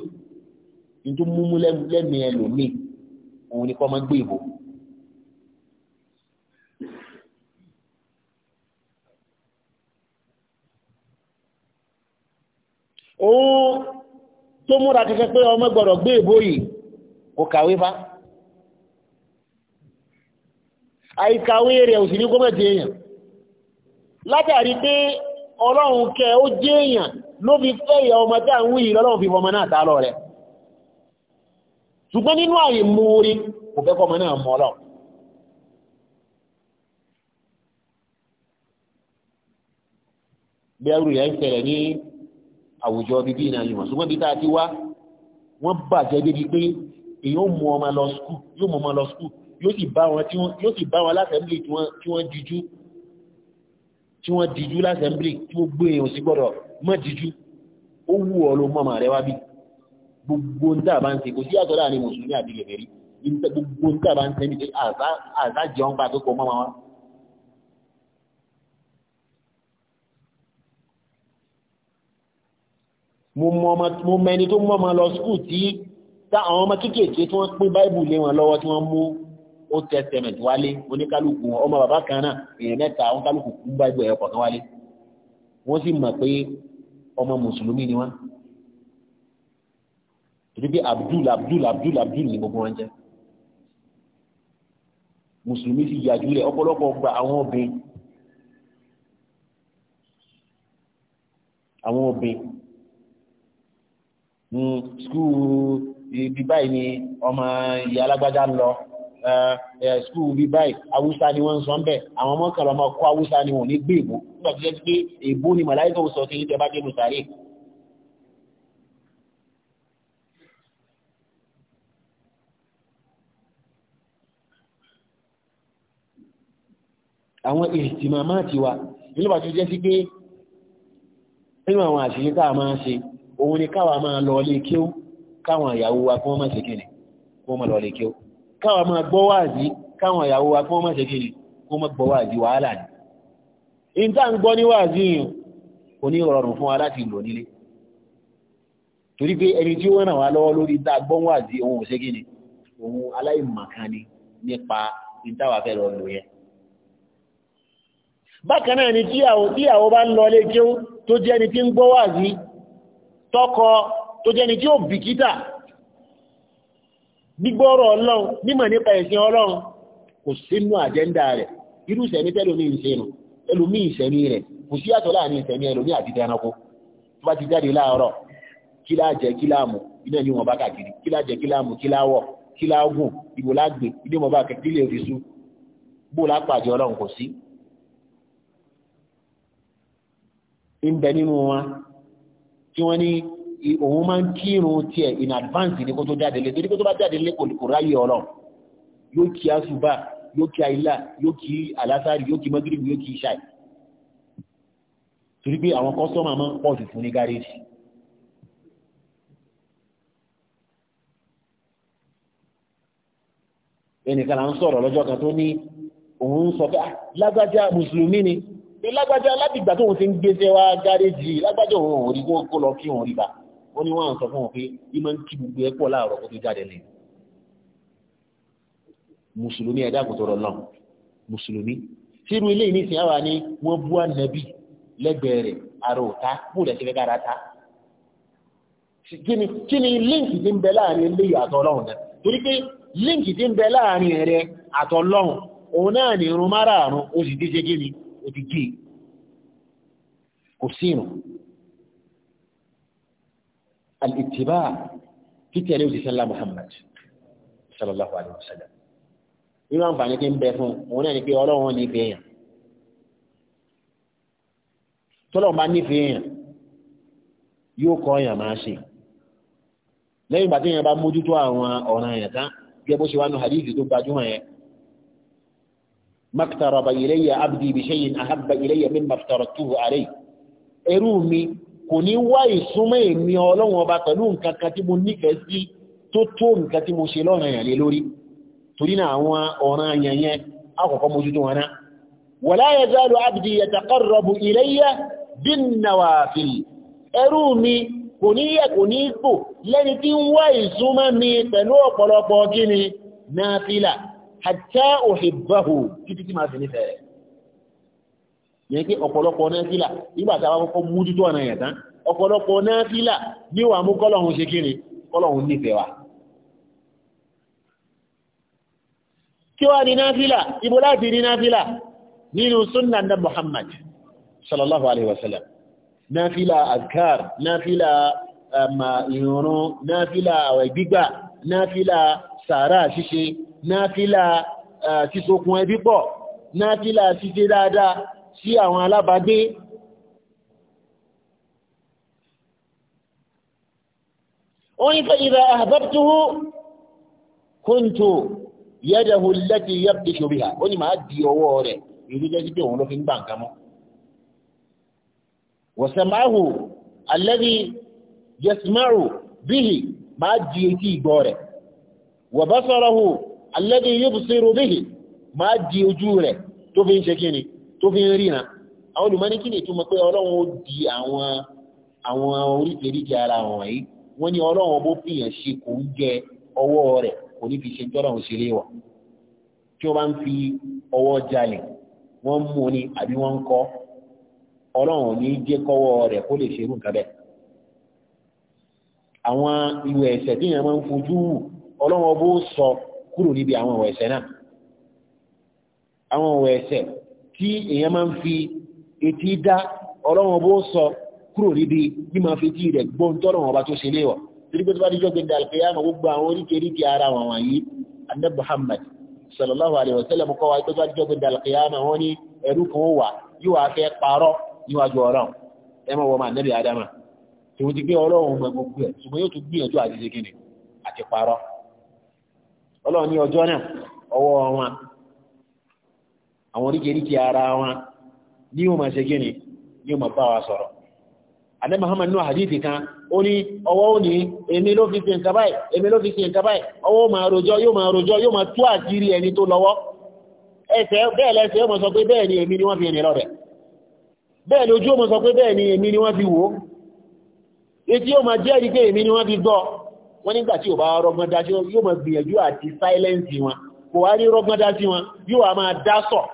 ní tó múmú lẹ́mìí ẹlòmíì òun ni kọ́ máa gbé ìbò òun tó múra kẹsẹ̀ pé ọmọ gbọ́dọ̀ gbé èbó yìí kò kàwé bá àìkàwé rẹ̀ ò sì ní gómẹ̀tì èèyàn látàrí pé ọlọ́run kẹ ó jẹ́ èèyàn ló fi fẹ́ ìyà ọmọ tí a ń wí ìlọ́lọ́run fi fọmọ náà tààlọ rẹ̀ ṣùgbọ́n nínú àyè mú orí kò fẹ́ fọmọ náà mọ́ bí ẹrù yẹn àwùjọ bíbí náà yìí wọ̀n ṣùgbọ́n bí tá a ti wá wọ́n bàjẹ́ débi pé èyàn mú ọmọ lọ skúù yóò mú ọmọ lọ skúù yóò sì bá wọn lásẹ̀mblì tí wọ́n dijú tí wọ́n dijú lásẹ̀mblì tí ó gbé èyàn sí gbọ́dọ̀ mọ́ dijú ó wù ọ́ ló mọ́ màrẹ́ wá bí gbogbo ń tàbá ń ṣe kò sí àtọ́ láàrin mùsùlùmí àbílẹ̀ mẹ́rí gbogbo ń tàbá ń ṣe ní pé àzá jẹun pa tó kọ mọ́ wọn mo mẹni tó mọ́ ma lọ skúù tí àwọn ọmọ kéékèèké tí wọ́n pín báìbù lé wọn lọ́wọ́ tí wọ́n mú ó testament wálé oníkálukú wọn ọmọ bàbá kan náà èèyàn mẹ́ta àwọn kálukú kú báìbù ẹ̀yọ kọ̀ọ̀kan wálé wọ́n sì mọ̀ pé ọmọ mùsùlùmí ni wọ́n abdul abdul abdul abdul ni gbogbo wọn jẹ́ mùsùlùmí sì yàjú rẹ̀ ọ̀pọ̀lọpọ̀ gba àwọn obìnrin àwọn obìnrin skul ibi báyìí ni ọmọ ìyá alágbájá ń lọ eh, eh, skul ibi báyìí awúsá ni wọ́n ń sọ ń bẹ̀ àwọn ọmọ kan lọ́mọ kọ́ awúsá ni wọ́n ní gbé èbó nígbà tó jẹ́ pé èbó ni màláìkà ò sọ sí ìjọba dé lùsàárè. àwọn ìtìmọ̀ máa ti wà nílùú àti jẹ́ nínú àwọn àṣìṣe tá a máa ń ṣe òun ni káwa máa lọ lé kí ó káwọn ìyàwó wa kí wọ́n máa ṣe kí ni kí wọ́n máa lọ lé kí ó káwa máa gbọ́ wáàzí káwọn ìyàwó wa kí wọ́n máa ṣe kí ni kí wọ́n máa gbọ́ wáàzí wàhálà ni ìta ń gbọ́ ní wáàzí yìí kò ní rọrùn fún wa láti lò nílé tí ó bá ń lọ lé kí ó tó jẹ́ ni tí ń gbọ́ wáàzí tọkọ tó jẹ́ni tí ó bìkítà gbígbọ́rọ̀ ọlọ́run mímọ̀ nípa ẹ̀sìn ọlọ́run kò sínú àjẹ́ndà rẹ̀ irú ìsẹ̀mí tẹ́lómí ìsẹ̀nù ẹlòmí ìsẹ̀mí rẹ̀ kò sí àtọ̀ láàrin ìsẹ̀mí ẹlòmí àti ẹranko tó bá ti jáde láàárọ̀ kí láà jẹ kí láà mu iná ni wọn bá kàkiri kí láà jẹ kí láà tí wọ́n ní òun máa ń kírun tiẹ̀ in advance ní kó tó jáde lé torí kó tó bá jáde lé kò ráyè ọ̀rọ̀ yóò kí àsùbá yóò kí àìlà yóò kí àlásàrì yóò kí mọ́gírìbì yóò kí ìṣáì torí pé àwọn kọ́sọ́mà máa ń pọ̀ sí fún ní gáréèjì ẹnìkan là ń sọ̀rọ̀ lọ́jọ́ kan tó ní òun sọ pé ah, lágbájá mùsùlùmí ni pé lágbájá láti ìgbà tóun ti ń gbé sẹ́wà gáréjì lágbájá òun ò rí kó lọ kí òun rí bá wọ́n ní wọ́n sọ fún wọn pé ìmọ̀ ń kí gbogbo ẹ̀ pọ̀ láàárọ̀ kó tó jáde lẹ́yìn mùsùlùmí ẹ̀dá kò tọrọ náà mùsùlùmí sírú ilé ìní ìsìn àwa ni wọ́n bú ànábì lẹ́gbẹ̀ẹ́ rẹ̀ ara òta kú rẹ̀ sílẹ̀ kára ta kí ni líǹkì ti ń bẹ láàrin eléyìí àtọlọ́hùn náà torí pé líǹkì ti ó ti gé kò sí ìrùn alìtìbá títẹ̀lé òṣìṣẹ́lá Muhammad sallallahu alayhi wa sallam nínú àǹfààní tí ń bẹ fún òun náà ni pé ọlọ́run nífẹ̀ẹ́ yàn tọ́lọ̀ bá nífẹ̀ẹ́ yàn yóò kọ́ yàn máa ṣe lẹ́yìn ìgbà tí yàn bá mójútó àwọn ọ̀ràn yàn tán gẹ́gẹ́ bó ṣe wá nù hadithi tó gbajúmọ̀ yẹn ma iqtaraba ilayya abdi bi shay'in ahabba ilayya mimma iftaradtuhu alayhi ẹrú mi kò ní wá ìsúnmọ́ èmi ọlọ́run ọba pẹ̀lú nǹkan kan tí mo nífẹ̀ẹ́ sí tó tó nǹkan tí mo ṣe lọ́nà ìyàlé lórí torí náà àwọn ọ̀ràn ayẹyẹ akọ̀kọ́ mojútó wọn náà wala yazalu abdi yataqarrabu ilayya bin nawafil ẹrú mi kò ní yẹ kò ní ipò lẹ́ni tí ń wá ìsúnmọ́ mi pẹ̀lú ọ̀pọ̀lọpọ̀ kíni náà fílà hàtà òhìbáhù títí tí máa fi nífẹ̀ẹ́ rẹ̀ yẹn kí ọ̀pọ̀lọpọ̀ náfílà nígbà tí a bá kọ́kọ́ mú títọ́ ọ̀nà yẹn tán ọ̀pọ̀lọpọ̀ náfílà ní wà mú kọ́lọ̀hún ṣe kí ni kọ́lọ̀hún nífẹ̀ẹ́ wa kí wá ní náfílà ibo láti ní náfílà nínú sunna na Muhammad sallallahu alaihi wasallam náfílà azkar náfílà um, ìrún náfílà àwẹ̀ gbígbà náfílà sàárà ṣíṣe náfílà sísokùn ẹbí pọ̀ náfílà ṣíṣe dáadáa sí àwọn alábàágbé oyin fa ìdá àbábtuhu kúntù yẹ́dẹ̀hù lẹ́tì yẹ́bdì ṣòbíhà ó ní máa di ọwọ́ rẹ̀ ìrújẹ́ sí pé òun ló fi ń gbà nǹkan mọ́ wọ̀sẹ̀máhù alẹ́bí yẹsìmáhù bíhì máa di etí ìgbọ́ rẹ̀ wọ̀básọ́rọ̀hù alladhi yubsiru bihi máa di ojú rẹ̀ tó fi ń ṣe kíni tó fi ń ríran àwọn olùmọ́ni kí ni ìtumọ̀ pé ọlọ́run ó di àwọn àwọn oríṣiríṣi ara wọn yìí wọ́n ní ọlọ́run bó fìyàn ṣe kò ń jẹ ọwọ́ rẹ̀ kò ní fi ṣe tọ́lọ́run ṣe léwà tí ó bá ń fi ọwọ́ jalè wọ́n mú ni àbí wọ́n ń kọ́ ọlọ́run ní jẹ́ kọ́wọ́ rẹ̀ kó lè ṣerú nǹkan bẹ́ẹ̀ àwọn ìwẹ̀ ẹ̀ṣẹ̀ tí èèyàn máa ń fojú wù ọlọ́run bó sọ kúrò níbi àwọn ọ̀wọ̀ ẹ̀ṣẹ̀ náà àwọn ọ̀wọ̀ ẹ̀ṣẹ̀ tí èèyàn máa ń fi etí dá ọlọ́wọ́n bó sọ kúrò níbi bí máa fi tí rẹ̀ gbọ́n tọ́lọ̀wọ́n bá tó ṣe léwọ̀ torí pé tó bá díjọ́ gbẹ̀dẹ̀ alqiyama gbogbo àwọn oríkèríkè ara wọn wọ̀nyí adé Muhammad sallallahu alaihi wasallam kọ́ wa tó bá gbẹ̀dẹ̀ alqiyama ọlọ́run ní ọjọ́ náà ọwọ́ wọn àwọn oríkèríkè ara wọn ní o máa ṣe gíní ní o máa bá wa sọ̀rọ̀ adẹ́ muhammadu náà hadithi kan ó ní ọwọ́ ó ní èmi ló fi fi nǹkan báyìí èmi ló fi fi yóò máa rojọ́ yóò máa ni èmi ni wọ́n fi ẹni lọ́rẹ̀ bẹ́ẹ̀ ni èmi ni wọ́n fi wò ó etí ó máa ni wọ́n fi gbọ́ wọ́n nígbà tí ò bá rọgbọ́n dájú yóò máa gbìyànjú àti sáílẹ́ǹsì wọn kò wá rí rọgbọ́n dájú wọn yóò a máa dásọ̀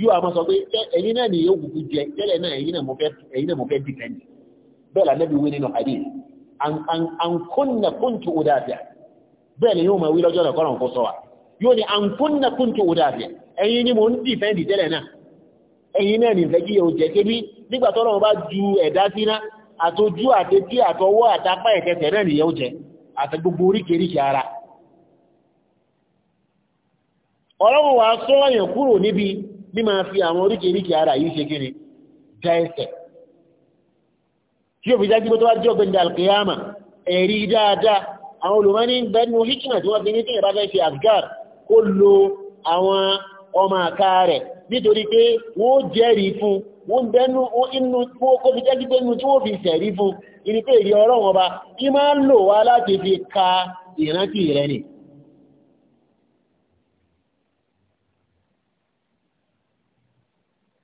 yóò a máa sọ pé ẹ̀yin náà ni yóò kúkú jẹ tẹ́lẹ̀ náà ẹ̀yin náà mo fẹ́ dìfẹ́ndì bẹ́ẹ̀ la nẹ́bi wí nínú hadith an kunna kuntu udafiya bẹ́ẹ̀ ni yóò máa wí lọ́jọ́ náà kọ́nà kó sọ wa yóò ní kunna kuntu udafiya ẹ̀yin ni mo ń dìfẹ́ndì tẹ́lẹ̀ náà ẹ̀yin náà ni ìfẹ́ kí yóò jẹ́ kébí nígbà tọ́lọ́run bá ju ẹ̀dá síná àtojú àtetí àtọwọ́ àti gbogbo oríkèríkè ara ọlọ́run wà sọ ọ̀yàn kúrò níbi mímọ̀ fi àwọn oríkèríkè ara yìí ṣe kiri já ẹsẹ̀ tí ó fi já gbígbó tó wá jẹ́ ọgbẹ̀ndà alkiyama ẹ̀rí dáadáa àwọn olùmọ́ní gbẹ́nu hikima tí wọ́n fi ní tí ìbá fẹ́ ṣe afghan kó lo àwọn ọmọ àká rẹ̀ nítorí pé wọ́n jẹ́rìí fún wọ́n bẹ́nu inú kó fi jẹ́ jípé inú tí wọ́n fi sẹ̀rí fún ìrìpé ìrí ọ̀rọ̀ wọn bá kí máa ń lò wá láti fi ka ìrántí rẹ̀ nì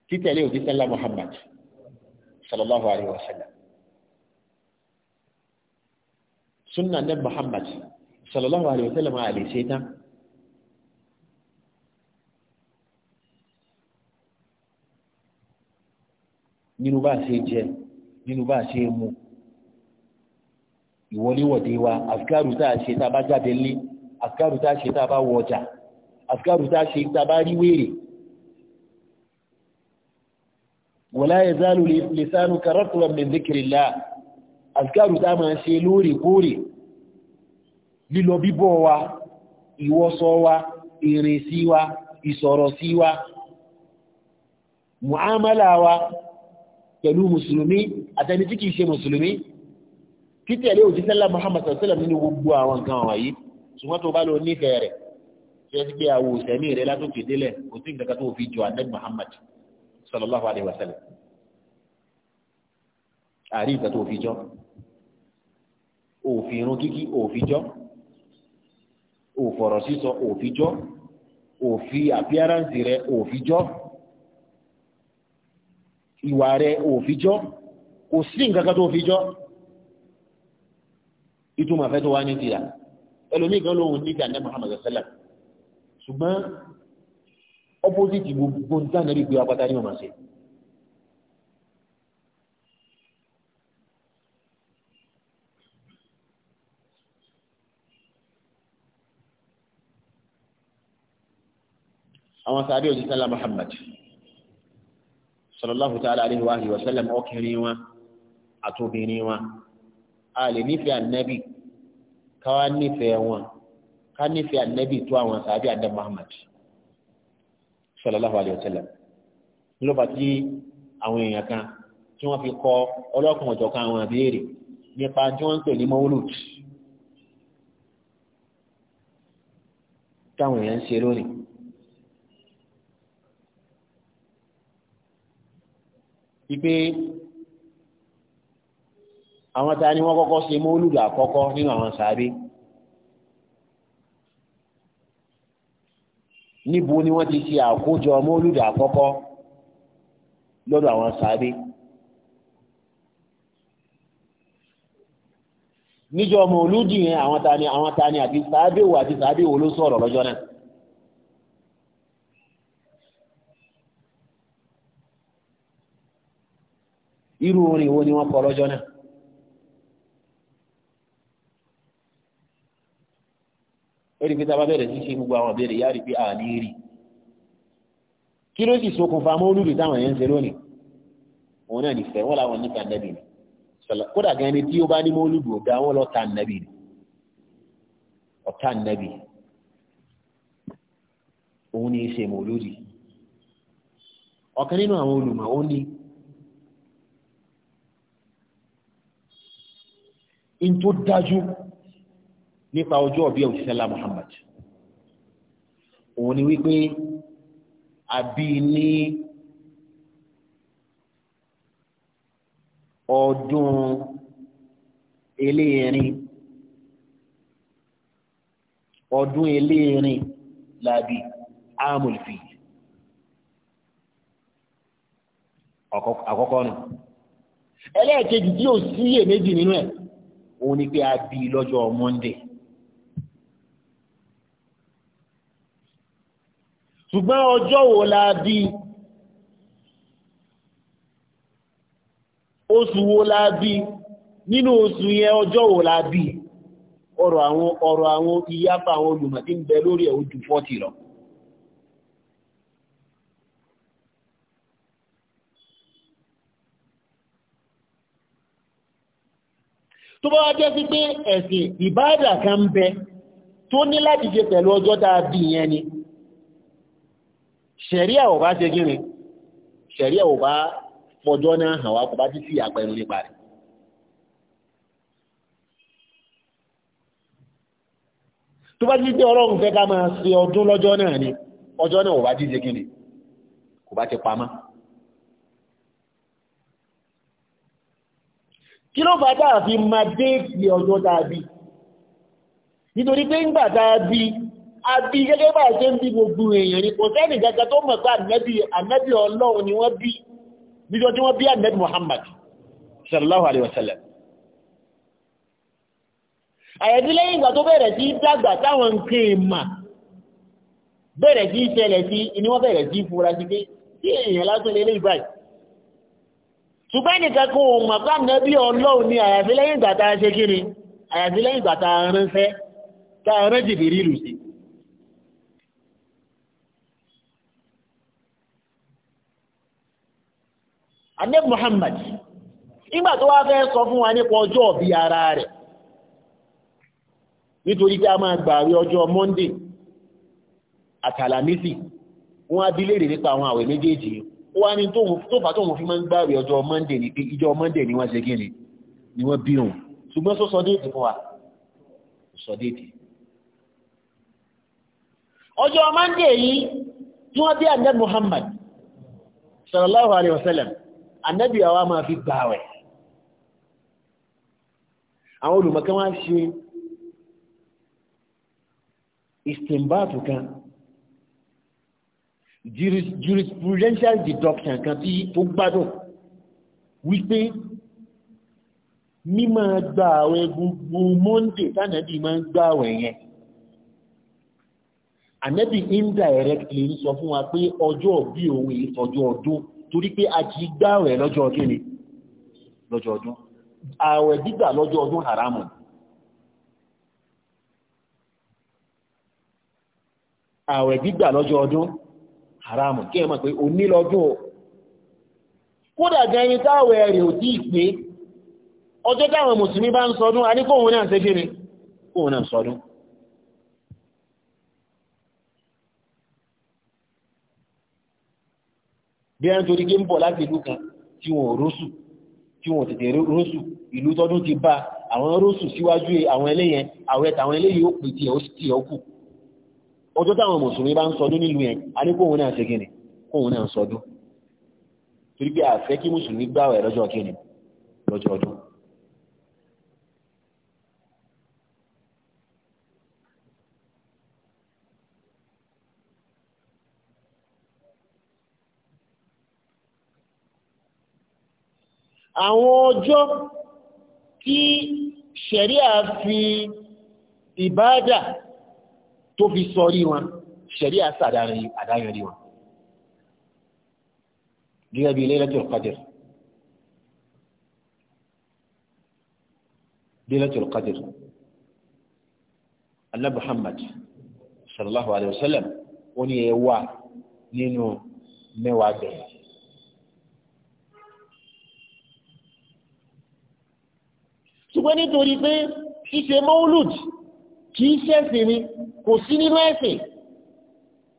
títẹ̀lé òfíṣẹ́lá Muhammad sallallahu alaihi wasallam sunna nabi Muhammad sallallahu alaihi wasallam àlè ṣe nínú bá a ṣe jẹ nínú bá a ṣe mu ìwọléwọ̀de wa àfikáàrù tá a ṣe tá a bá jáde lé àfikáàrù tá a ṣe tá a bá wọ ọjà àfikáàrù tá a ṣe tá a bá rí wèrè. wala yazalu lisanuka ratban min dhikrillah àfikáàrù tá a máa ṣe lóòrèkóòrè lílọ bíbọ̀ wa ìwọṣọ wa èrè sí wa ìsọ̀rọ̀ sí wa muamala wa pẹ̀lú mùsùlùmí àtẹni tí kìí ṣe mùsùlùmí títẹ̀lé òjíṣẹ́lá Muhammad sallam nínú gbogbo àwọn nǹkan wọ̀nyí ṣùgbọ́n tó bá lọ nífẹ̀ẹ́ rẹ̀ tí ó ti pé àwọn òṣèmí rẹ̀ látòkè délẹ̀ kò sí nǹkan tó fi jọ ànábì Muhammad sallallahu alayhi wa sallam àrí nǹkan tó fi jọ òfin irun kíkí òfin jọ òfọ̀rọ̀ sísọ òfin jọ òfin àpíáránsì rẹ̀ òfin jọ ìwà rẹ̀ òfijọ́ kò sí nǹkan kan tó fijọ́ ìtumọ̀ afẹ́ tó wá ní tìyà ẹlòmíì kan lòun ní ìdáná Muhammad sallam ṣùgbọ́n ọpọ́sìtì gbogbo nǹkan náà rí pé apáta ní ọmọ ṣe. àwọn sàbí òjì sálà Muhammad sọlọ́láhù tààlà àríwá wa àríwá sẹ́lẹ̀m ọkùnrin wọn àtòbìnrin wọn a lè nífẹ̀ẹ́ ànábì káwá nífẹ̀ẹ́ wọn ká nífẹ̀ẹ́ ànábì tó àwọn sàábì àdá Muhammad sọlọ́láhù àríwá sẹ́lẹ̀m ló bá tí àwọn èèyàn kan tí wọ́n fi kọ ọlọ́kùnrin ọ̀jọ̀kan àwọn àbẹ́ẹ̀rẹ̀ nípa tí wọ́n ń pè ní mọ́wúlùtì táwọn èèyàn ń ṣe lónìí ipe àwọn ta ni wọ́n kọ́kọ́ ṣe mọ́lúdù àkọ́kọ́ nínú àwọn sàábé níbo ni wọ́n ti ṣe àkójọ mọ́lúdù àkọ́kọ́ lọ́dọ̀ àwọn sàábé níjọ́ mọ́lúdù yẹn àwọn ta ni àwọn ta ni àti sàábé wo àti sàábé wo ló sọ̀rọ̀ lọ́jọ́ náà. irú orin wo ni wọ́n kọ lọ́jọ́ náà lórí pé tábà bẹ̀rẹ̀ sí ṣe gbogbo àwọn ìbéèrè yá rí pé a ní rí kí ló sì ṣokùnfà mọ́lúdù táwọn yẹn ń ṣe lónìí òun náà nìfẹ́ wọ́n làwọn níta nẹ́bì ni kódà gan ni tí ó bá ní mọ́lúdù ọ̀gá wọn lọ ta nẹ́bì ni ọ̀tá nẹ́bì òun ní í ṣe mọ́lúdù ọ̀kan nínú àwọn olùmọ̀ ó ní in tó dájú nípa ọjọ́ ọ̀bí òṣìṣẹ́lá Muhammad òun ni wípé àbí ní ọdún eléerin ọdún eléerin làbí amòlùfì àkọ́kọ́ nù ẹlẹ́ẹ̀kejì tí ò síyè méjì nínú ẹ̀ òun ni pé a bí lọ́jọ́ Monday. ṣùgbọ́n ọjọ́ wo la bí oṣù wo la bí nínú oṣù yẹn ọjọ́ wo la bí ọ̀rọ̀ àwọn ọ̀rọ̀ àwọn ìyapa àwọn olùmọ̀ tí ń bẹ lórí ẹ̀ ojú fọ́tì lọ. tó bá wá jẹ́ sí pé ẹ̀sìn ìbáàdà kan ń bẹ tó ní láti ṣe pẹ̀lú ọjọ́ dáadì yẹn ni ṣẹ̀ríà ò bá ṣe gíní ṣẹ̀ríà ò bá fọjọ́ náà hàn wá kò bá ti sí àpẹẹrẹ nípa rẹ̀ tó bá ti pé ọlọ́run fẹ́ ká máa ṣe ọdún lọ́jọ́ náà ni ọjọ́ náà ò bá ti ṣe gíní kò bá ti pamọ́ kí ló fà dáàbí ma déètì ọjọ́ dáàbí nítorí pé ń gbà a àbí gẹ́gẹ́ bá ṣe ń bí gbogbo èèyàn ní kò sẹ́nì gẹ́gẹ́ tó mọ̀ pé ànẹ́bí ọlọ́run ni wọ́n bí níjọ́ tí wọ́n bí ànẹ́bí Muhammad sallallahu alaihi wasallam àyẹ̀dí lẹ́yìn ìgbà tó bẹ̀rẹ̀ sí dàgbà táwọn nǹkan ìmà bẹ̀rẹ̀ sí ìṣẹ̀lẹ̀ sí ni wọ́n bẹ̀rẹ̀ sí ìfura sí pé tí èèyàn lásán lé lè báyìí ṣùgbọ́n ẹnìkan kó o ni àyàfi lẹ́yìn ìgbà a ṣe kí ni àyàfi lẹ́yìn ìgbà tá a ránṣẹ́ tá a rán jìbìrì sí. ànábì Muhammad nígbà tó wá fẹ́ sọ fún wa nípa ọjọ́ ọ̀bí ara rẹ̀ nítorí pé a máa gbààwé ọjọ́ Monday àtàlàmísì wọ́n á bi léèrè nípa àwọn ó wá ní tó fà tóun fi máa ń gbààwẹ̀ ọjọ́ monday ní pé ìjọ monday ni wọ́n ṣe kí ni ni wọ́n bí òun ṣùgbọ́n sọ sọ déètì fún wa sọ déètì ọjọ́ monday yìí tí wọ́n bí àndẹ́ muhammad sallallahu alaihi wasallam ànábì àwa máa fi gbààwẹ̀ àwọn olùmọ̀kan wá ṣe ìsìnbáàtù kan jurisprudential deduction kan tí tó gbádùn wípé mímọ́ gba àwẹ̀ gbogbo monday tánàbí máa ń gba àwẹ̀ yẹn ànẹ́bí indirectly ń sọ fún wa pé ọjọ́ bí òun ìtọ́jú ọdún torí pé a kì í gba àwẹ̀ lọ́jọ́ ọdún ni lọ́jọ́ ọdún àwẹ̀ gbígbà lọ́jọ́ ọdún haramu àwẹ̀ gbígbà lọ́jọ́ ọdún haramu kí ẹ mọ̀ pé òní lọ́dún o kódà gan ẹni táwọ̀ ẹ̀rẹ̀ ò tí ì pé ọjọ́ táwọn mùsùlùmí bá ń sọdún a ní kóhun náà ṣe gíní kóhun náà sọdún bí ẹn torí gé ń bọ̀ láti ìlú kan tí wọ́n rósù tí wọ́n tètè rósù ìlú tọdún ti bá àwọn rósù síwájú àwọn eléyẹn àwẹ̀ tàwọn eléyìí ó pè tí ẹ̀ ó sì tí ẹ̀ ó kù ọjọ́ táwọn mùsùlùmí bá ń sọdún nílùú yẹn a ní kóhun náà ṣe gíní kóhun náà sọdún torí pé àfẹ́ kí mùsùlùmí gbààwẹ̀ lọ́jọ́ kíni lọ́jọ́ ọdún àwọn ọjọ́ tí ṣẹ̀ríà fi ìbádà tó fi sọrí wọn ṣẹ̀rí àṣà àdáyọrí wọn gẹ́gẹ́ bí Laylatul Qadr Laylatul Qadr Allah Muhammad sallallahu alayhi wa sallam ó ní ẹ wà nínú mẹ́wàá gbẹ̀yìn ṣùgbọ́n nítorí pé ṣíṣe mọ́wúlùdì kì í ṣẹ́sìn ni kò sí nínú ẹ̀sìn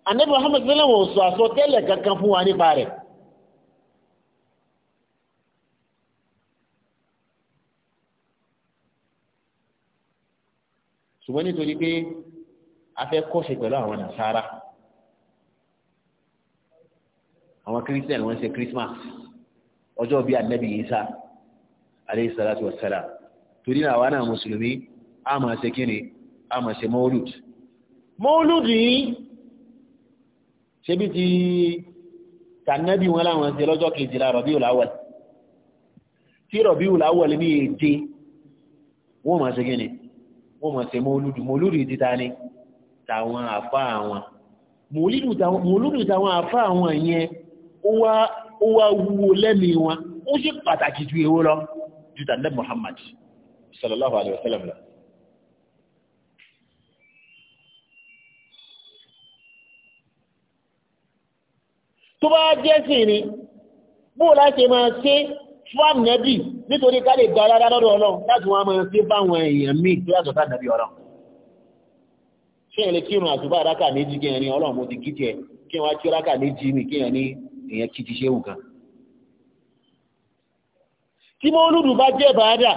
Ànábì Muhammad sallallahu alaihi wasallam sọ àsọtẹ́lẹ̀ kankan fún wa nípa rẹ̀ ṣùgbọ́n nítorí pé a fẹ́ kọ́ṣe pẹ̀lú àwọn nàṣàrà àwọn kírísítẹ̀nì wọ́n ṣe Christmas ọjọ́ bíi Ànábì Ìsá alayhi salatu wassalam torí náà àwa náà mùsùlùmí a máa ṣe kí ni a máa ṣe mọ́lúd mọ́lúd yìí sebi bí ti tànẹ́bí wọn láwọn ṣe lọ́jọ́ kejìlá Rabiul Awwal tí Rabiul Awwal ní èdè wọ́n máa ṣe gíní wọ́n máa ṣe mọ́lúdù mọ́lúdù títa ní tàwọn àfá àwọn mọ́lúdù tàwọn àfá àwọn yẹn ó wá wúwo lẹ́mí wọn ó ṣe pàtàkì ju èwo lọ ju tànẹ́bí Muhammad sallallahu alaihi wasallam la tó bá jẹ́ sí ni bó láti máa ṣe fún nẹ́bì nítorí ká lè gba rárá lọ́dọ̀ ọlọ́run láti wọ́n máa ṣe báwọn èèyàn míì tó yàtọ̀ sá nẹ́bì ọlọ́run ṣé ẹ̀ lè kírun àtúbà rákà méjì kí ẹni ọlọ́run mo ti kí tiẹ̀ kí wọ́n á kí rákà méjì mi kí ẹni èèyàn kí ti ṣe wù kan tí mọ́ olùdù bá jẹ́ ìbáadà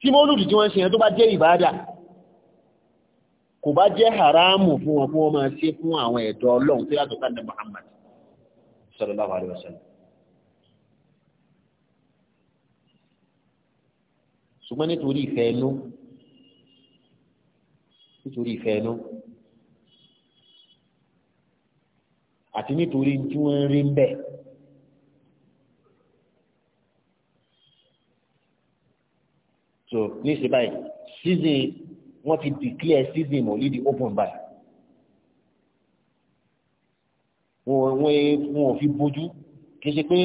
tí mọ́ olùdù tí wọ́n ṣe yẹn tó bá jẹ́ ìbáadà kò bá jẹ́ haramu fún wọn fún wọn máa ṣe fún àwọn ẹ̀dọ́ ọlọ́run tó yàtọ̀ sáà Muhammad sallallahu alaihi wasallam ṣùgbọ́n nítorí ìfẹ́ ẹnu nítorí ìfẹ́ àti nítorí tí wọ́n rí ń so ní ìṣe báyìí season wọ́n ti declare season mọ̀lídìí open báyìí. wọn ò fi bójú kìí ṣe pé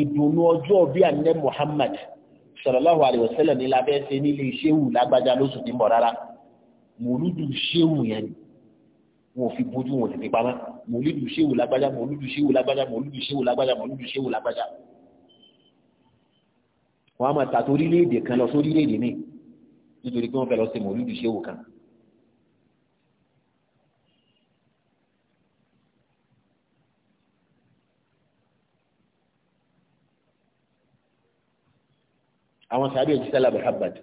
ìdùnnú ọjọ́ bí ànílẹ̀ Muhammad sallallahu alaihi wasallam ní lábẹ́ ṣe nílé ṣéwù lágbájá lóṣù tí ń bọ̀ rárá mòlúdù ṣéwù yẹn ni wọn ò fi bójú wọn ò sì fi pamọ́ mòlúdù ṣéwù lágbájá mòlúdù ṣéwù lágbájá mòlúdù ṣéwù lágbájá mòlúdù ṣéwù lágbájá. wọn á máa ta torílẹ̀-èdè kan lọ sórílẹ̀-èdè míì nítorí pé wọ́n fẹ́ lọ sí mòlúdù ṣéwù kan àwọn sàbí òjì sálà Muhammad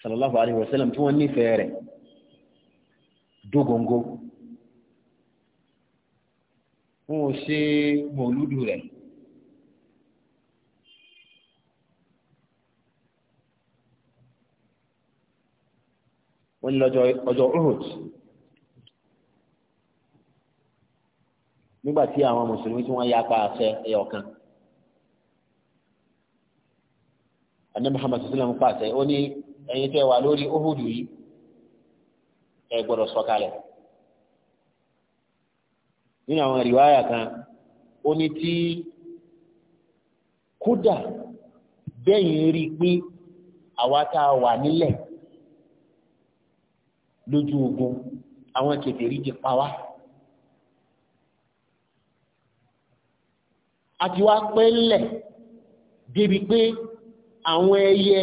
sallallahu alaihi wasallam tí wọ́n nífẹ̀ẹ́ rẹ̀ dógóńgó wọn ò ṣe mọ̀lúdù rẹ̀ wọ́n ní lọ́jọ́ ọjọ́ Uhud nígbà tí àwọn mùsùlùmí tí wọ́n yapa àṣẹ ẹ̀yọ̀kan anabi muhammad sallam pàṣẹ ó ní ẹ̀yin tẹ́ wà lórí ohudu yìí ẹ gbọ́dọ̀ sọ̀kalẹ̀ nínú àwọn rìwáyà kan ó ní tí kódà bẹ́yìn rí pé àwa tá a wà nílẹ̀ lójú ogun àwọn kèfèrí ti pa wá. a ti wá pẹ́ ńlẹ̀ débi pé àwọn ẹyẹ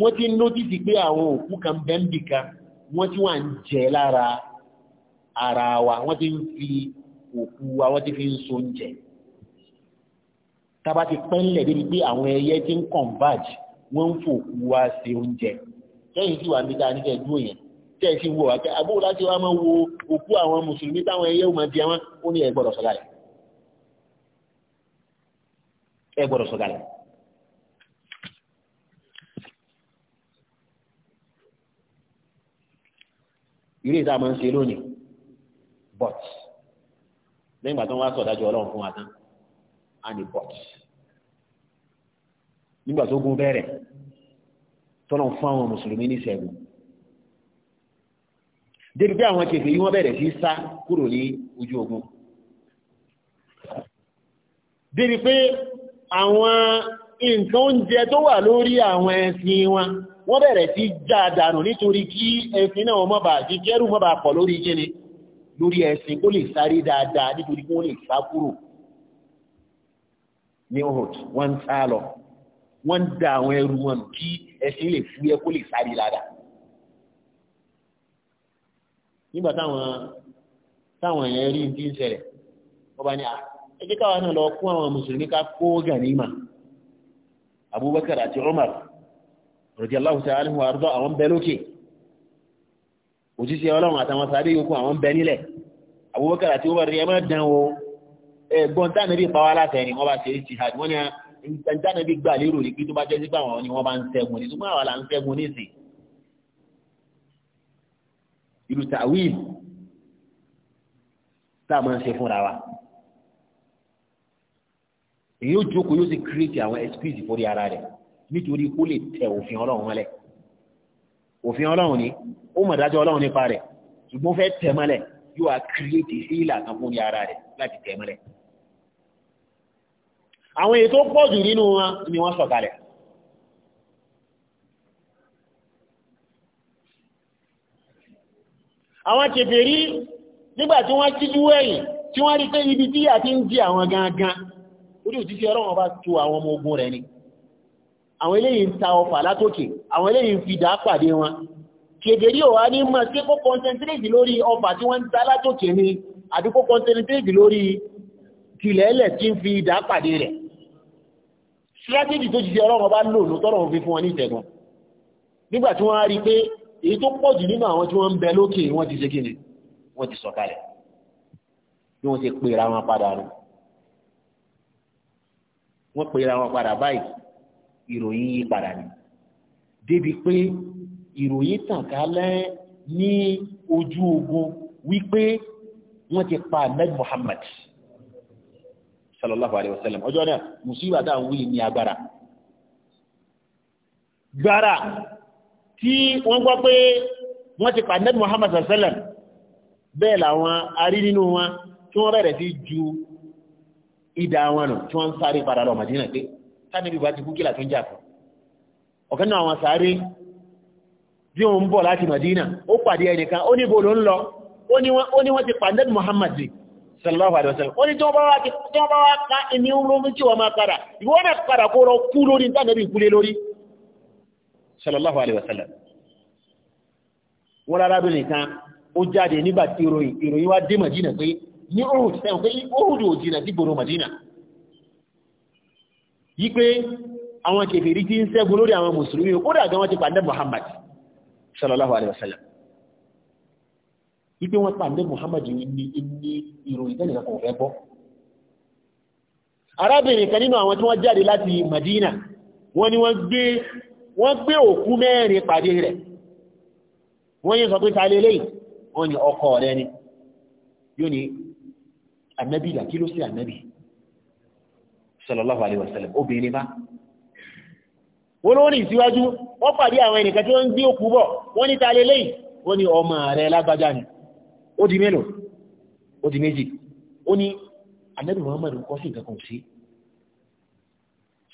wọ́n ti nótìsì pé àwọn òkú kan bẹ́m̀bìkà wọ́n ti wà ń jẹ lára ara wa wọ́n ti ń fi òkú wa wọ́n ti fi ń so oúnjẹ tàbá ti pẹ́ńlẹ̀ débi pé àwọn ẹyẹ ti ń converge wọ́n ń fò òkú wa ṣe oúnjẹ lẹ́yìn tí wà ń bíta nígbà ẹdún èèyàn tẹ́ ẹ sì àti àbúrò láti wá máa wo òkú àwọn mùsùlùmí táwọn ẹyẹ ò máa di àwọn ó ní ẹ gbọ́dọ̀ sọ̀kalẹ̀ ẹ irú ìta máa ń ṣe lónìí but lẹ́yìn ìgbà tó ń wá sọ̀dájọ́ ọlọ́run fún wa tán á ní but nígbà tó gún bẹ̀rẹ̀ tọ́nà fún àwọn mùsùlùmí ní ṣẹ́gun débi pé àwọn kèfèrí wọ́n bẹ̀rẹ̀ sí sá kúrò ní ojú ogun débi pé àwọn nǹkan oúnjẹ tó wà lórí àwọn ẹṣin wọn wọ́n bẹ̀rẹ̀ sí já dànù nítorí kí ẹṣin náà má bàá jí kẹ́rù má bàá pọ̀ lórí kíni lórí ẹṣin kó lè sáré dáadáa nítorí kí wọ́n lè sá kúrò ní Uhud wọ́n ń sá lọ wọ́n ń da àwọn ẹrù wọn nù kí ẹṣin lè fúyẹ́ kó lè sáré dáadáa nígbà táwọn táwọn rí ti ń wọ́n bá ní à ẹ káwọn náà lọ kó àwọn mùsùlùmí ká kó gànímà Abubakar àti Umar radiyallahu ta'ala anhu àrùdọ àwọn bẹ lókè òjíṣẹ́ Ọlọ́run àtàwọn sáré yòókù àwọn bẹ nílẹ̀ Abubakar àti Umar ẹ má dán o ẹ̀gbọ́n tánàbí pàwọn alátẹni wọn bá ṣe é ti hàd wọn ni tánàbí gbà lérò ní pé tó bá jẹ sí pàwọn ni wọn bá ń ṣẹ́gun ní ṣùgbọ́n àwọn là ń ṣẹ́gun ní ìsìn ìlú tàwíìlì tá a máa ń ṣe fúnra wa èyí ó jókòó yóò sì kírètì àwọn excuse fórí ara rẹ̀ nítorí kó lè tẹ òfin ọlọ́run mọ́lẹ̀ òfin ọlọ́run ni ó mọ̀ dájọ́ ọlọ́run nípa rẹ̀ ṣùgbọ́n fẹ́ tẹ mọ́lẹ̀ yóò wá kírètì sí ìlànà fún ara rẹ̀ láti tẹ mọ́lẹ̀ àwọn èyí tó pọ̀ jù nínú wọn ni wọ́n sọ̀kalẹ̀ àwọn kèfèrí nígbà tí wọ́n kíjú ẹ̀yìn tí wọ́n rí pé ibi tí àti ń jí àwọn gangan orí òtítí ọlọ́run bá tu àwọn ọmọ ogun rẹ̀ ni àwọn eléyìí ń ta ọfà látòkè àwọn eléyìí ń fi dà pàdé wọn kèdèrí ò ní mọ̀ sí kó concentrate lórí ọfà tí wọ́n ń ta látòkè ni àbí kó concentrate lórí tìlẹ̀ẹ́lẹ̀ tí ń fi dà pàdé rẹ̀ strategy tó ti di ọlọ́run bá lò ló tọ́rọ̀ fi fún wọn ní ìtẹ̀gùn nígbà tí wọ́n rí pé èyí tó pọ̀ jù wọn padà báyìí ìròyìn yí padà ní débi pé ìròyìn tàn kálẹ̀ ní ojú ogun wípé wọ́n ti pa ahmed muhammad sallallahu alaihi wasallam. sallam ọjọ́ náà musiba dáhùn wí ní agbára gbára tí wọ́n gbọ́ pé wọ́n ti pa ahmed muhammad sallallahu alayhi wa sallam bẹ́ẹ̀ làwọn arí nínú wọn tí wọ́n rẹ̀ sí ju ìdá wọn nù tí wọ́n ń sáré padà lọ màdínà pé tánàbí bá ti kú kí làtún jà fún ọ̀kan náà àwọn sáré bí òun bọ̀ láti Madina ó pàdé ẹnìkan ó níbo ló ń lọ ó ní wọ́n ti pàdé Muhammad sallallahu alaihi wasallam ó ní tí wọ́n bá wá ká ẹni olómi tí wọ́n máa padà ìwọ́n náà padà kó lọ sallallahu alaihi wasallam wọ́n arábìnrin kan ó jáde nígbà tí ìròyìn wá Madina pé ní Uhud sẹ́wọ̀n pé Uhud ò jìnà sí gbòrò Madina yípé àwọn kèfèrí tí ń ṣẹ́gun lórí àwọn mùsùlùmí ó dàgbà wọ́n ti pàdé Muhammad sallallahu alaihi wasallam yípé wọ́n pàdé Muhammad ní ìròyìn tẹ́lẹ̀ kan fẹ́ bọ́ arábìnrin kan nínú àwọn tí wọ́n jáde láti Madina wọ́n ní wọ́n gbé òkú mẹ́rin pàdé rẹ̀ wọ́n yí sọ pé ta lélẹ́yìn wọ́n ní ọkọ rẹ̀ ni yóò ní ànábì ìdàkí ló sí sallallahu alaihi wasallam obìnrin má wọ́n ló rìn síwájú wọ́n pàdé àwọn ẹnìkan tí wọ́n ń gbé òkú bọ̀ wọ́n ní ta lélẹ́yìn wọ́n ní ọmọ rẹ̀ lágbájá ni ó di mélòó ó di méjì ó ní Ànábì Muhammad ń kọ́ sí nǹkan sí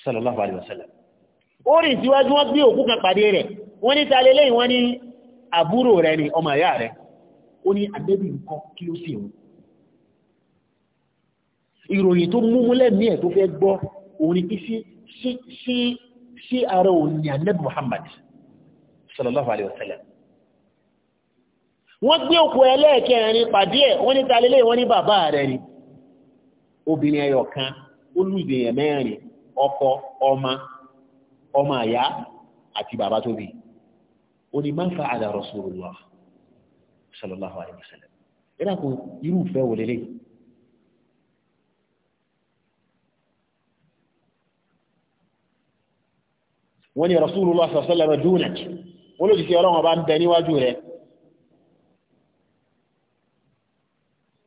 sallallahu alaihi wasallam ó rìn síwájú wọ́n gbé òkú kan pàdé rẹ̀ wọ́n ní ta lélẹ́yìn wọ́n ní àbúrò rẹ̀ ni ọmọ ìyá rẹ̀ ó ní Ànábì ń kọ́ kí ló sì ń ìròyìn tó mú múlẹ̀ ní ẹ̀ tó fẹ́ gbọ́ òun ni kí sí ara òun ni anẹ́bì Muhammad sallallahu alaihi wasallam wọ́n gbé òkú ẹlẹ́ẹ̀kẹrin pàdé ẹ̀ wọ́n ní talẹ́lẹ́ wọ́n ní bàbá rẹ̀ ni obìnrin ẹyọ kan ó lùdìyàn mẹ́rin ọkọ ọmọ ọmọ àyá àti bàbá tó bí ó ní máa ń fa àdà Rasulullah sallallahu alaihi wasallam ìràkùn irúfẹ́ wòlélẹ́yìn wọ́n ní rasulullah sallallahu alaihi wasallam wọ́n lójú sí ọlọ́wọ́n bá ń bẹ níwájú rẹ̀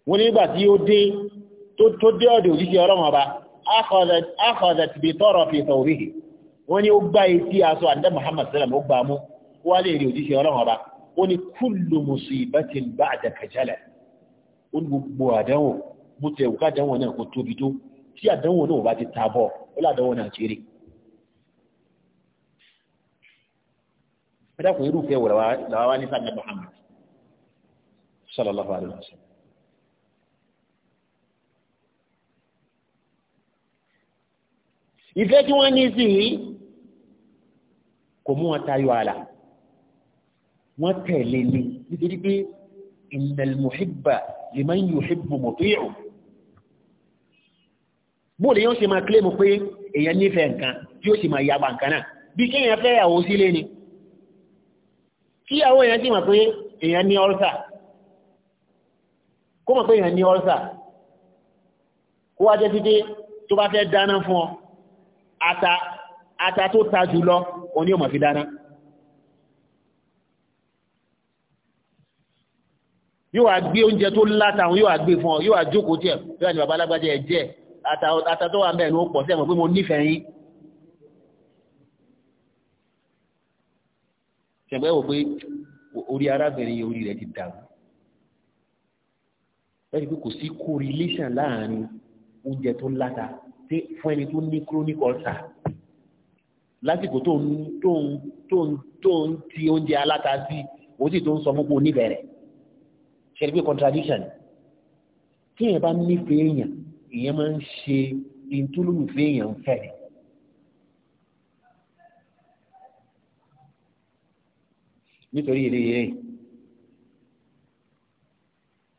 wọ́n ní nígbà tí ó dé tó dé ọ̀dẹ̀ òjú sí ọlọ́wọ́n bá akhadat bi tarafi thawbihi wọ́n ní ó gbá etí aṣọ àdá muhammad sallam ó gbà mú wá lè rí òjú sí ọlọ́wọ́n bá ó ní kullu musibatin ba'da kajala ó ní gbogbo àdánwò bó tẹ̀ wù náà kó tóbi tó tí àdánwò náà bá ti tabọ̀ ó ládánwò náà kéré ẹ̀dá kò irúfẹ́ wọ̀ làwa wá ní sàmì Muhammad sallallahu alayhi wa sallam. ìfẹ́ tí wọ́n ní sí i kò mú wọn tayọ àlà wọ́n tẹ̀lé ní nítorí pé innal muhibba liman yuhibbu muti'u bó lè yóò ṣe máa kílé mu pé èèyàn nífẹ̀ẹ́ nǹkan tí ó sì máa yaba nǹkan náà bí kéèyàn fẹ́ yàwó sílé ni kí àwọn èèyàn sì mọ̀ pé èèyàn ní ọ́lsà kó mọ̀ pé èèyàn ní ọ́lsà kó wá jẹ́ títí tó bá fẹ́ dáná fún ọ ata ata tó ta jùlọ oní ọmọ fi dáná yóò wá gbé oúnjẹ tó látàun yóò wá gbé fún ọ yóò wá jókòó tí ẹ̀ yóò wá ní bàbá alágbájẹ́ ẹ̀ ata tó wà mẹ́rin ó pọ̀ sẹ́mọ̀ pé mo nífẹ̀ẹ́ yín ṣẹ̀gbẹ́ wò pé orí arábìnrin yìí orí rẹ̀ ti dàrú lẹ́yìn pé kò sí correlation láàrin oúnjẹ tó láta fún ẹni tó ní chronic ulcer lásìkò tó ń tó ń tó ń tó ń ti oúnjẹ aláta sí òun sì tó ń sọ fún oníbẹ̀rẹ̀ ṣẹlẹ̀ pé contradiction tí èèyàn bá nífẹ̀ẹ́ èèyàn èèyàn máa ń ṣe ìtúlùmùfẹ́ èèyàn ń nítorí ìdí yìí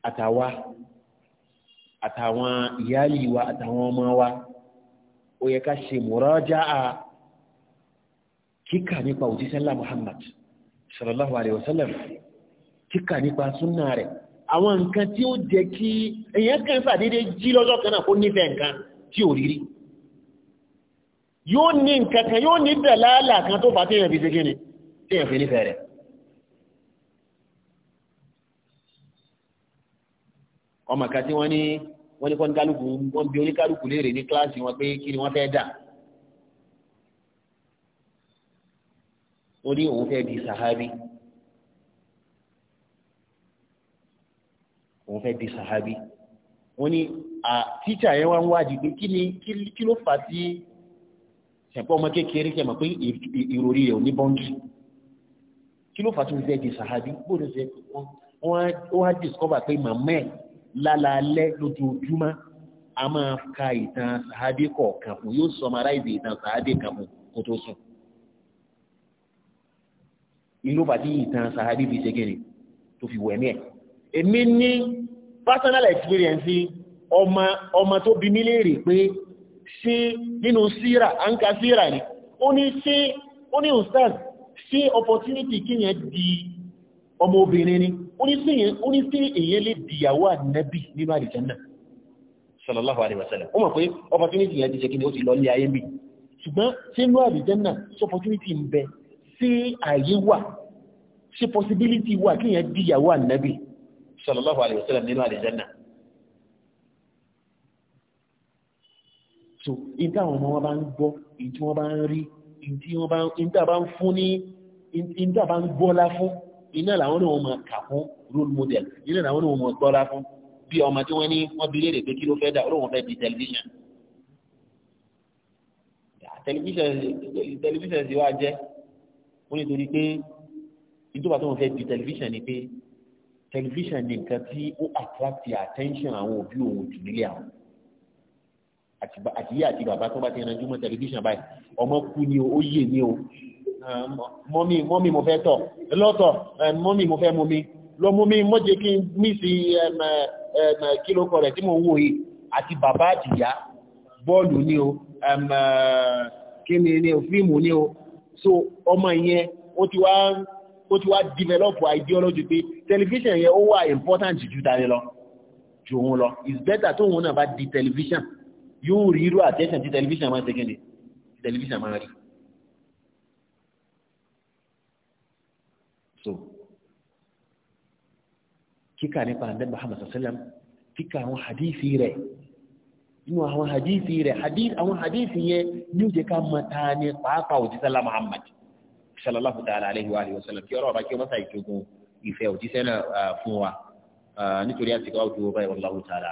àtàwa àtàwọn ìyáàlì wa àtàwọn ọmọ wa ó yẹ ká ṣe mùrájáà kíkà nípa òjíṣẹ́ ńlá Muhammad sallallahu alayhi wa sallam kíkà nípa súnà rẹ̀ àwọn nǹkan tí ó jẹ́ kí èyàn kan sàdédé jí lọ́jọ́ kan náà kó nífẹ̀ẹ́ nǹkan tí ò rírí yóò ní nǹkan kan yóò ní dàlálà kan tó fà tí èyàn fi ṣe kí ni tí fi nífẹ̀ẹ́ rẹ̀ ọmọ kan tí wọ́n ní wọ́n ní kọ́ńkálùkù wọ́n bí oníkálùkù léèrè ní kíláàsì wọn pé kí ni wọ́n fẹ́ dà ó ní òun fẹ́ di sàhábì òun fẹ́ di sàhábì wọ́n ní à tíṣà yẹn wá ń wádìí pé kí ni kí ló fà sí ṣẹ̀pọ̀ ọmọ kékeré kẹ́mọ̀ pé ìròrí rẹ̀ ò ní bọ́ńkì kí ló fà sí fẹ́ di sàhábì bóòdù ṣe wọ́n á discover pé màmá ẹ̀ lálàálẹ́ lójoojúmọ́ a máa ka ìtàn sàábé kọ̀ọ̀kan fún yóò sọmaráìzì ìtàn sàábé kan fún kó tó sùn ìlú bàtí ìtàn sàábé fi ṣe gẹ́rẹ́ tó fi wẹ̀mí ẹ̀ èmi ní personal experience ọmọ ọmọ tó bi mí léèrè pé ṣé nínú síra à ń ka síra ni ó ní ṣé ó ní ustaz ṣé opportunity kíyàn di ọmọ obìnrin ni ó ní sí èyàn lè dìyàwó ànẹ́bì nínú àlìjẹ́nà sallallahu alaihi wasallam ó mọ̀ pé opportunity yẹn ti ṣe kí ni ó ti lọ lé ayé mi ṣùgbọ́n tí inú àlìjẹ́nà sí opportunity ń bẹ sí ààyè wà sí possibility wà kí èyàn dìyàwó ànẹ́bì sallallahu alaihi wasallam nínú àlìjẹ́nà so ìta àwọn ọmọ wọn bá ń gbọ́ ìtí wọn bá ń rí ìtí wọn bá ń fún ní ìta bá ń gbọ́lá fún iná làwọn náà wọ́n máa kà fún role model iná làwọn náà wọ́n máa gbọ́ra fún bí ọmọ tí wọ́n ní wọ́n bí léèrè pé kí ló fẹ́ dà ó fẹ́ di tẹlifíṣàn tẹlifíṣàn sì wá jẹ́ ó ní torí pé ìjọba tó ń fẹ́ di tẹlifíṣàn ni pé tẹlifíṣàn ni nǹkan tí ó attract attention àwọn òbí òun jù nílé àwọn àtìyá àti bàbá tó bá ti ránjú mọ́ tẹlifíṣàn báyìí ọmọ kú ni o ó yè ní o mọ́mí mọ́mí mo fẹ́ tọ̀ lọ́tọ̀ mọ́mí mo fẹ́ mọ́mí lọ mọ́mí mọ́jẹ́ kí n mí sí kílókọ rẹ̀ tí mo wò yìí àti bàbá àtìyá bọ́ọ̀lù ni o kíni ni o fíìmù ni o so ọmọ yẹn ó ti wá ó ti wá develop ideology pé television yẹn ó wà important jù dáre lọ jù òun lọ it's better tóun náà bá di television yóò rí irú attention tí television máa ń ṣe kí ni television máa rí so kíkà nípa àdẹ́gbà hamasasalam kíkà àwọn hadithi rẹ̀ inú àwọn hadithi rẹ̀ àwọn hadithi yẹn ní ó jẹ́ ká mata ní pàápàá òjísẹ́lá muhammad sallallahu ta'ala alaihi wa sallam kí ọ̀rọ̀ ọba kí ó mọ́ta ìjogun ìfẹ́ òjísẹ́ náà fún wa nítorí àti káwọ́ tó báyìí wallahu ta'ala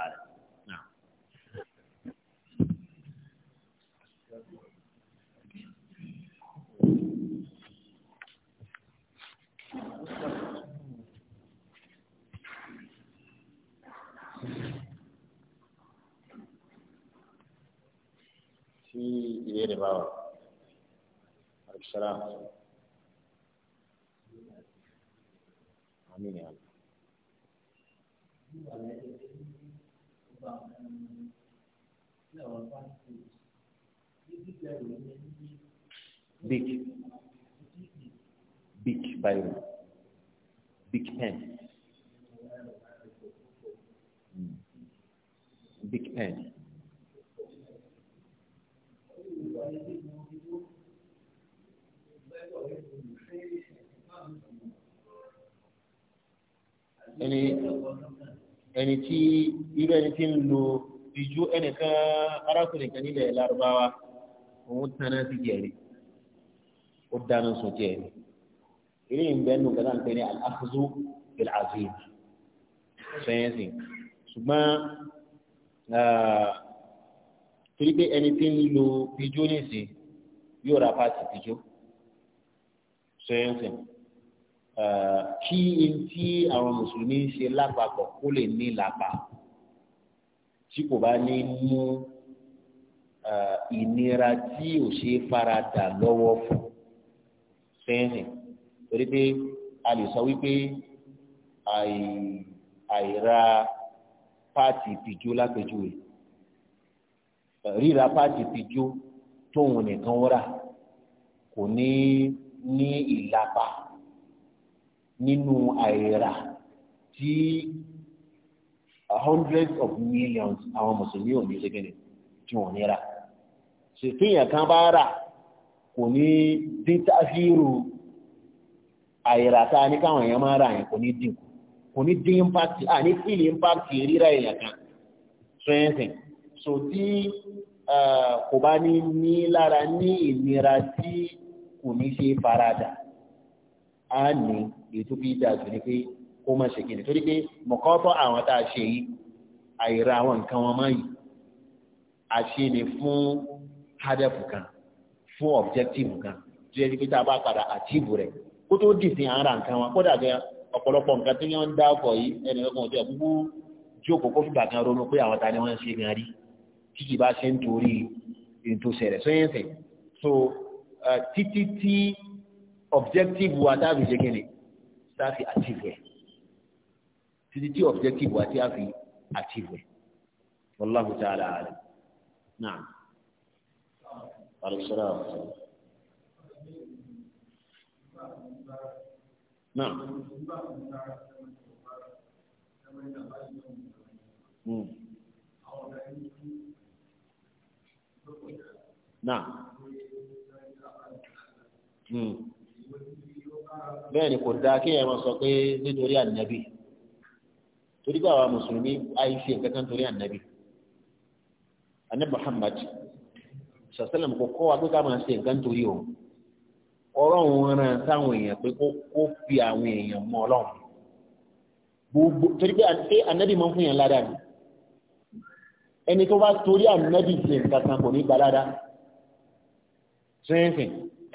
big big bio big pen hmm. big pen ẹni ẹni tí irú ẹni tí ń lo ìjú ẹnìkan arákùnrin kan nílẹ̀ lárúbáwá òun tánná sí jẹ̀rí ó dáná sun jẹ̀rí eré ìgbẹ́ nù gbọ́dọ̀ ń pè ní al-akhdhu bil-azim sẹ́yẹ́nsì ṣùgbọ́n torí pé ẹni tí ń lo ìjú nìsín yóò ra pàṣẹ ìjú sẹ́yẹ́nsì. Eh, kí n tí àwọn mùsùlùmí ń ṣe lápapọ̀ kó lè ní lápá tí kò bá ní mú eh, ìnira tí ò ṣe faradà lọ́wọ́ fún fẹ́ẹ̀rìn torí pé a lè sọ wípé àìra páàtì ìpìjú lápèjúwe eh, ríra páàtì ìpìjú tóun nìkan wúrà kò ní ní ìlapa nínú àìrà tí hundreds of millions àwọn mùsùlùmí ò ní ṣe ni tí wọ́n ní rà ṣètìyàn kan bá rà kò ní dín táfíìrù àìrà tá a ní káwọn èèyàn máa rà yẹn kò ní dínkù kò ní dín impact à ní fíìlì impact rírà èèyàn kan strengthen so tí kò bá ní ní lára ní ìnira tí kò ní ṣe farada a ní èyí tó bí dáa jù ni pé kó má ṣe kíni torí pé mọ̀kọ́tọ́ àwọn tá a ṣe yìí àìra àwọn nǹkan wọn máa yìí a ṣe ni fún hádẹ́fù kan fún objective kan tó yẹ kí tá a bá padà àtìfù rẹ̀ kó tó dì sí ara nǹkan wọn kó dàgbẹ́ ọ̀pọ̀lọpọ̀ nǹkan tí wọ́n ń dá ọkọ̀ yìí ẹnì kan ọ̀dẹ́ gbogbo jókòó kó fìgbà kan ronú pé àwọn ta ni wọ́n ń ṣe gan rí kí kì bá ṣe ń torí ètò ṣẹlẹ̀ so uh, títí tí objective wa dábì ṣe kí ni tafi a fi achieve ẹ̀ títí tí objective wa tí a fi achieve ẹ̀ wallahu ta'ala alam naam aleyhisselam aleyhisselam naam. Mm. Naam. Mm. bẹ́ẹ̀ ni kò dáa kéèyàn máa sọ pé nítorí ànábì torí báwa mùsùlùmí àìsí kankan torí ànábì ànábì Muhammad sàṣẹlẹm kò kọ́ wa pé ká máa ṣe nǹkan torí o ọ̀rọ̀ òun ràn sáwọn èèyàn pé kó fi àwọn èèyàn mọ ọlọ́run gbogbo torí pé àti ànábì máa ń fún yàn ládàá ni ẹni tó bá torí ànábì ṣe nǹkan kan kò ní gba ládàá sẹ́yìn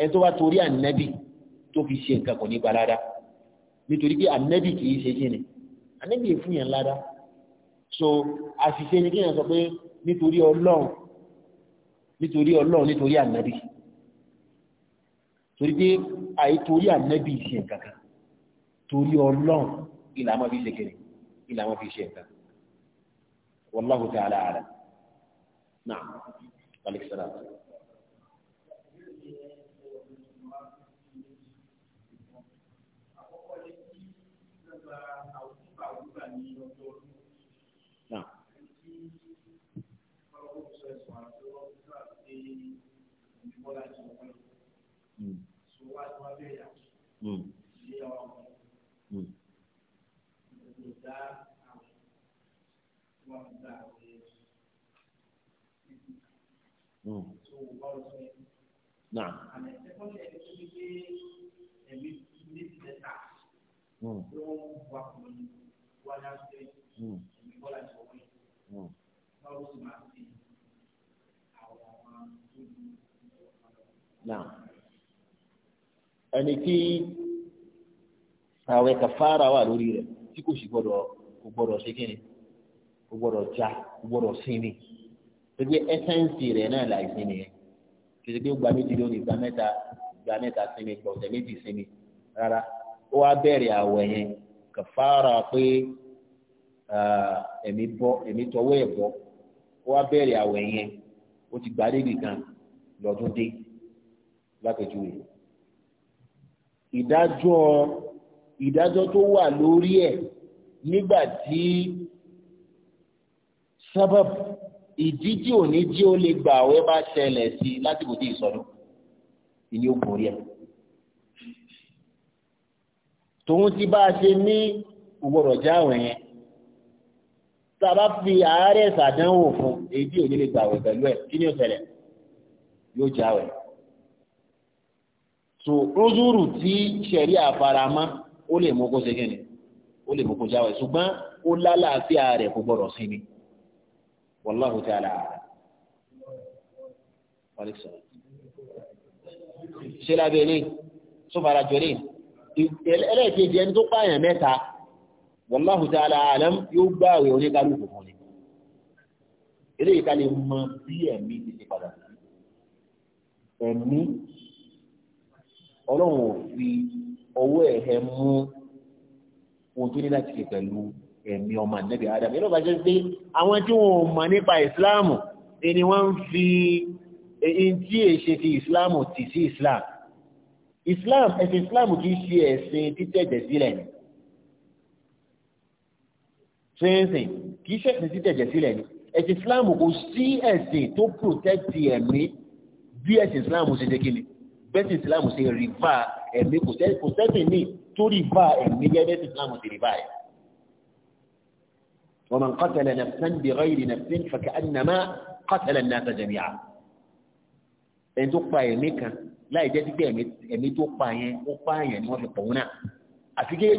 ẹni tó bá torí ànábì tó fi ṣe nǹkan kò ní gba ládá nítorí pé ànábì kì ṣe kí ni ànábì yẹn fún yẹn ládá so àṣìṣe ni kí yẹn sọ pé nítorí ọlọ́run nítorí ọlọ́run nítorí ànábì torí pé àìtorí ànábì ṣe nǹkan kan torí ọlọ́run ìlà máa fi ṣe kiri ìlà máa fi ṣe nǹkan wallahu ta'ala alam na'am alayhi salaam. Naam. Mm. Mm. náà ẹni tí àwẹ̀ kàfàrà wà lórí rẹ̀ tí kò sì gbọ́dọ̀ kò gbọ́dọ̀ ṣe kíni kò gbọ́dọ̀ já kò gbọ́dọ̀ sinmi gbogbo ẹsẹǹsì rẹ̀ náà là ìsinmi yẹn kìí gbé gba méjì lónìí gba mẹ́ta gba mẹ́ta sinmi gba ọ̀sẹ̀ méjì sinmi rárá ó wá bẹ̀rẹ̀ àwẹ̀ yẹn kàfàrà pé ẹ̀mí bọ́ ẹ̀mí tọwọ́ ẹ̀ bọ́ ó wá bẹ̀rẹ̀ àwẹ̀ yẹn ó ti gbà débi kan lọ́dún dé lápẹjúwe ìdájọ́ ìdájọ́ tó wà lórí ẹ̀ nígbà tí sábàb ìdí tí ò ní jí ó lè gbà ọ ẹ bá ṣẹlẹ̀ sí i láti kò tí ì sọdún ìní ó borí ẹ̀ tòun ti bá a ṣe ní ògbọ́dọ̀ já àwọn yẹn tá a bá fi àárẹ̀ ṣàdánwò fún èyí tí ò ní lè gbà ọ pẹ̀lú ẹ̀ kí ni ó ṣẹlẹ̀ yóò já àwọn yẹn so rúzúrù tí ṣẹ̀rí àfaramọ́ ó lè mú kó ṣe kí ni ó lè mú kó jáwé ṣùgbọ́n ó lálàáfíà rẹ̀ kó gbọ́dọ̀ sí ni wàláhù tí a là á ṣe lábẹ́ ilé sọ́fàrà jọlé ẹlẹ́ẹ̀kejì ẹni tó pààyàn mẹ́ta wàláhù tí a là á ni eléyìí ká lè mọ bí ti ṣe padà sí ọlọ́run ò fi ọwọ́ ẹ̀ ẹ mú ohun tó ní láti ṣe pẹ̀lú ẹ̀mí ọmọ ànẹ́bí adam yìí ló bá jẹ́ pé àwọn tí wọn ò mọ̀ nípa Islam ni wọ́n ń fi ẹ̀yìn tí è ṣe ti ìsìláàmù tì sí ìsìláàm ìsìláàm ẹ̀sìn ìsìláàmù kì í ṣe ẹ̀sìn títẹ̀jẹ̀ sílẹ̀ ni tẹ́sìn kì í ṣe ẹ̀sìn títẹ̀jẹ̀ sílẹ̀ ni ẹ̀sìn ìsìláàmù kò sí ẹ̀sìn tó protect ẹ̀mí bí ẹ̀sìn Islam ṣe jẹ́ kí ni bẹ́sì islam ṣe rìfà ẹ̀mí kò sẹ́sìn ní tó rìfà ẹ̀mí gẹ́gẹ́ bẹ́sì islam ṣe rìfà ẹ̀. wa man qatala nafsan bighayri nafsin faka'annama qatala an-nasa jami'a. ẹni tó pa ẹ̀mí kan láì jẹ́ pípé ẹ̀mí tó pa yẹn ó pa yẹn ni wọ́n fi pọ̀ wọn náà àti gẹ́gẹ́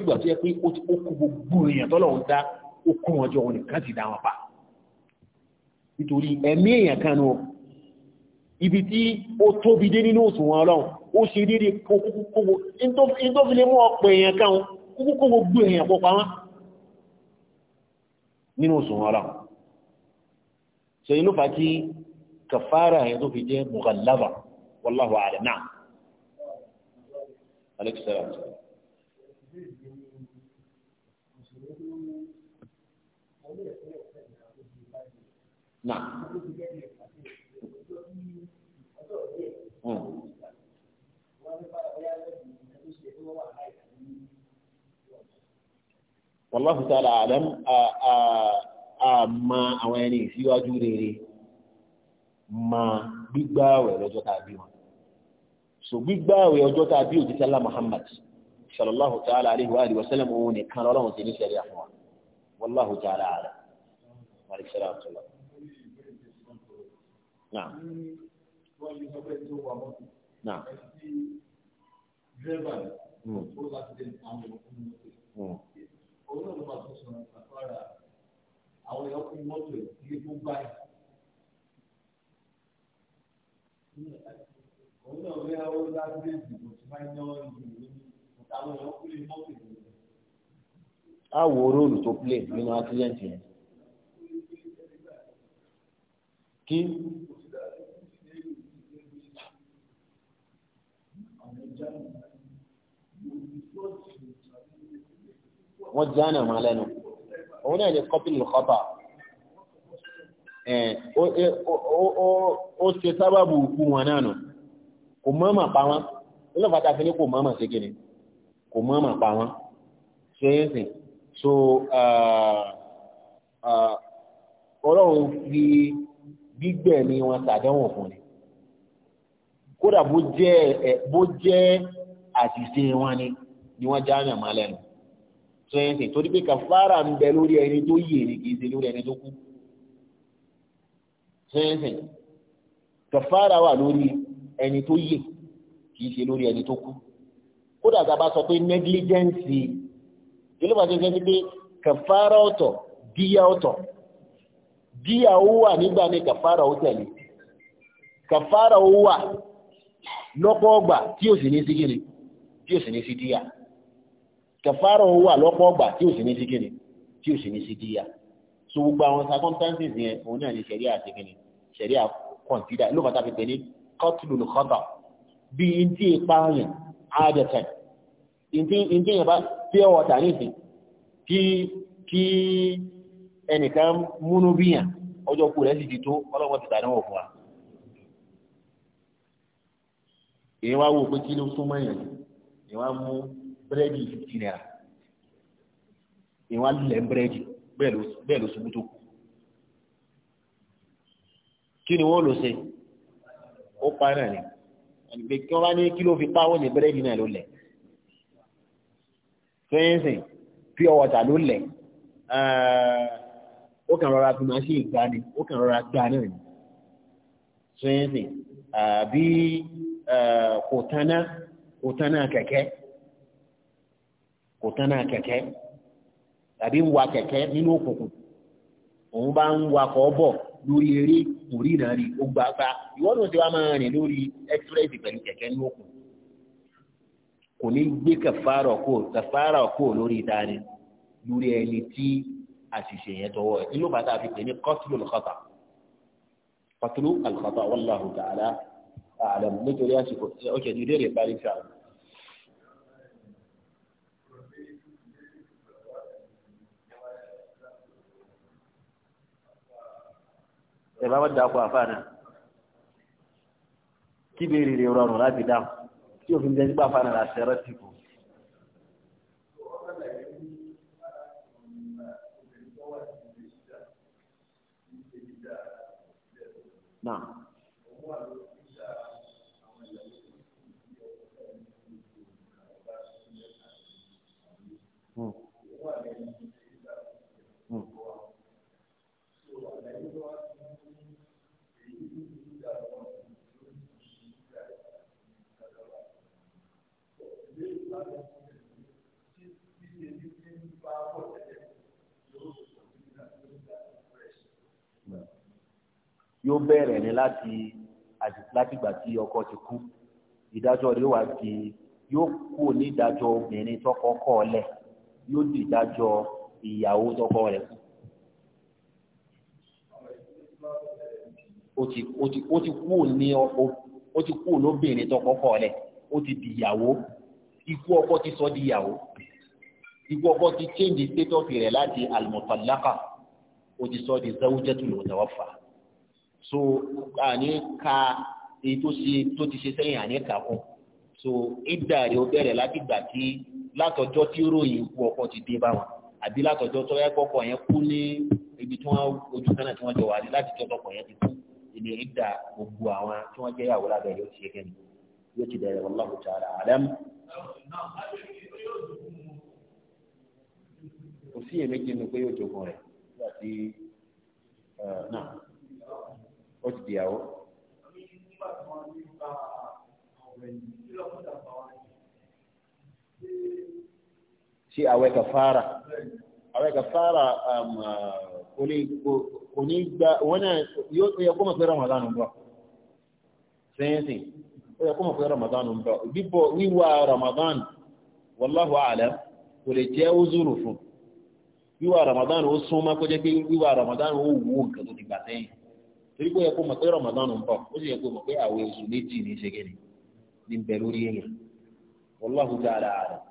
gbà ibi tí ó tóbi dé nínú òṣùwọ̀n ọlọ́run ó ṣe dédé kókókókó in tó fi lè mú ọ̀pọ̀ èèyàn káwọn kókókó gbogbo èèyàn pọ̀ pamọ́ nínú òṣùwọ̀n ọlọ́run ṣe inú fa kí kàfàrà ẹ̀ tó fi jẹ́ mughalaba wallahu a'lam náà alexander wàláhù tààlà àdám àmà àwọn ẹni ìsíwájú rere ma gbígbààwẹ̀ lọ́jọ́ tàbí wọn so gbígbààwẹ̀ ọjọ́ tàbí òjísẹ́lá Muhammad sallallahu ta'ala alaihi wa alihi wa sallam òun nìkan lọ́lọ́run ti ní sẹ́rí àfún wa wàláhù tààlà àdám màrísẹ́lá àtúlọ̀ Mm òun náà ló máa tó sọ àkọ́ra àwọn èèyàn kún mọ́tò ẹ̀ ilé báyìí. òun náà rí àwọn lágbègbè ìdìbò tí máa ń yọ ìdìbò ní àwọn èèyàn kún lè mọ́tò ìdìbò. a wo róòlù tó play nínú accident yẹn. kí wọ́n jáàna wọn lẹ́nu òun náà ni kọ́pìlì kọ́pà ó ṣe sábàbù ikú wọn náà nù kò mọ́mọ̀ pa wọ́n nílò fàtà fi ní kò mọ́mọ̀ sí kìnnì kò mọ́mọ̀ pa wọ́n ṣe é sìn so ah, ah, ọlọ́run fi gbígbẹ̀mí wọn ṣàdánwò fún ni kódà bó jẹ́ àṣìṣe wọn ni ni wọ́n jáàna wọn lẹ́nu tó yẹn sìn torí pé kàfàrà ń bẹ lórí ẹni tó yè ni kì í ṣe lórí ẹni tó kú tó yẹn sìn kàfàrà wà lórí ẹni tó yè kì í ṣe lórí ẹni tó kú kódà tá a bá sọ pé negligence yìí ló bá ṣe sẹ́ni pé kàfàrà ọ̀tọ̀ díyà ọ̀tọ̀ díyà ó wà nígbà ní kàfàrà ó tẹ̀lé kàfàrà ó wà lọ́pọ̀ ọgbà tí ò sì ní sí kíni tí ò sì ní sí díyà kẹfàárọ̀ wà lọ́pọ̀ ọgbà tí ò sì ní sí kíni tí ò sì ní sí díyà so gbogbo àwọn circumstances yẹn òun náà ni ṣẹ̀ríà àti kíni ṣẹ̀ríà consider ló bàtà pípẹ́ ní kọ́tùlù lùkọ́tà bí i tí ipa yẹn àádẹ́tẹ̀ ìdí yẹn bá pure water nísìn kí kí ẹnìkan múnú bíyàn ọjọ́ kú rẹ̀ sì ti tó ọlọ́wọ́ ti tàdánwò fún wa èyí wá wò pé kí ló súnmọ́ yẹn èyí wá mú búrẹ́dì fifty naira ìwọ̀n alẹ́ búrẹ́dì bẹ́ẹ̀ ló ṣubú tó kù kí ni wọ́n lò ṣe ó pa náà ni ẹnìgbẹ́ kí wọ́n bá ní kí ló fi pawọ́ ní búrẹ́dì náà ló lẹ̀ fẹ́ǹsìn pure water ló lẹ̀ ó kàn rọra fi máa ṣe ìgbà ni ó kàn rọra gbà náà ni fẹ́ǹsìn àbí kò tán náà kò tán náà kẹ̀kẹ́ kò tán náà kẹ̀kẹ́ tàbí ń wa kẹ̀kẹ́ nínú òkùnkùn òun bá ń wakọ̀ bọ̀ lórí eré kò rí ìrìn rí ó gbagba ìwọ náà ti wá máa rìn lórí express pẹ̀lú kẹ̀kẹ́ nínú òkùn kò ní gbé kẹfàárà kò kẹfàárà kò lórí ìtaní lórí ẹni tí àṣìṣe yẹn tọwọ́ ẹ̀ nínú bàtà fi pè ní qatlu al-khata qatlu al-khata wallahu nítorí àsìkò ọkẹ́ ìdílé rẹ̀ parí sáà. ẹ bá wọ́n dákọ̀ àfa náà kí béèrè rẹ̀ rọrùn láti dáhùn tí òfin jẹ́ nípa àfa náà láti ti kù. Now. yóò bẹ̀rẹ̀ ní láti látìgbà tí ọkọ ti kú ìdájọ́ rẹ̀ wá di yóò kú ní ìdájọ́ obìnrin tọkọ kọ̀ lẹ̀ yóò di ìdájọ́ ìyàwó tọkọ rẹ̀ kú. ó ti ó ti ó ti kú ní ọkọ ó ti kú lóbìnrin tọkọ kọ̀ lẹ̀ ó ti di ìyàwó ikú ọkọ ti sọ di ìyàwó ikú ọkọ ti change status rẹ̀ láti al-mutallaqa ó ti sọ di zawjatul mutawaffa so àní ka èyí tó ṣe tó ti ṣe sẹ́yìn àní kà kún so ìdá rẹ̀ ó bẹ̀rẹ̀ láti gbà tí látọjọ́ tí ròyìn ikú ọkọ ti dé bá wọn àbí látọjọ́ tó yẹ kọ́kọ́ yẹn kú ní ibi tí wọ́n ojú kan náà tí wọ́n jọ wà láti tọ́ ọkọ yẹn ti kú ilé ìdá gbogbo àwọn tí wọ́n jẹ́ ìyàwó lábẹ́ yóò ti ṣe kẹ́ni yóò ti bẹ̀rẹ̀ wallahu ta'ala alam. kò sí èméjì nínú pé yóò jogun rẹ̀ nígbà tí náà ó ti dìyàwó. ṣe àwẹ̀ kàfàrà àwẹ̀ kàfàrà um, uh, kò ní gba wọ́n náà yóò yẹ kó mọ̀ pé Ramadan ń bọ̀ sẹ́yìnsìn ó yẹ kó mọ̀ pé Ramadan ń bọ̀ bíbọ̀ wíwá Ramadan wallahu a'lam kò lè jẹ́ ó zúrù fún wíwá Ramadan ó súnmọ́ kó jẹ́ pé wíwá Ramadan ó wù ó nǹkan tó ti gbà sẹ́yìn. torí pé ó yẹ kó mọ̀ Ramadan ń bọ̀ ó sì yẹ kó mọ̀ pé àwọn oṣù méjì ní ṣe kéde ní bẹ lórí èèyàn wallahu ta'ala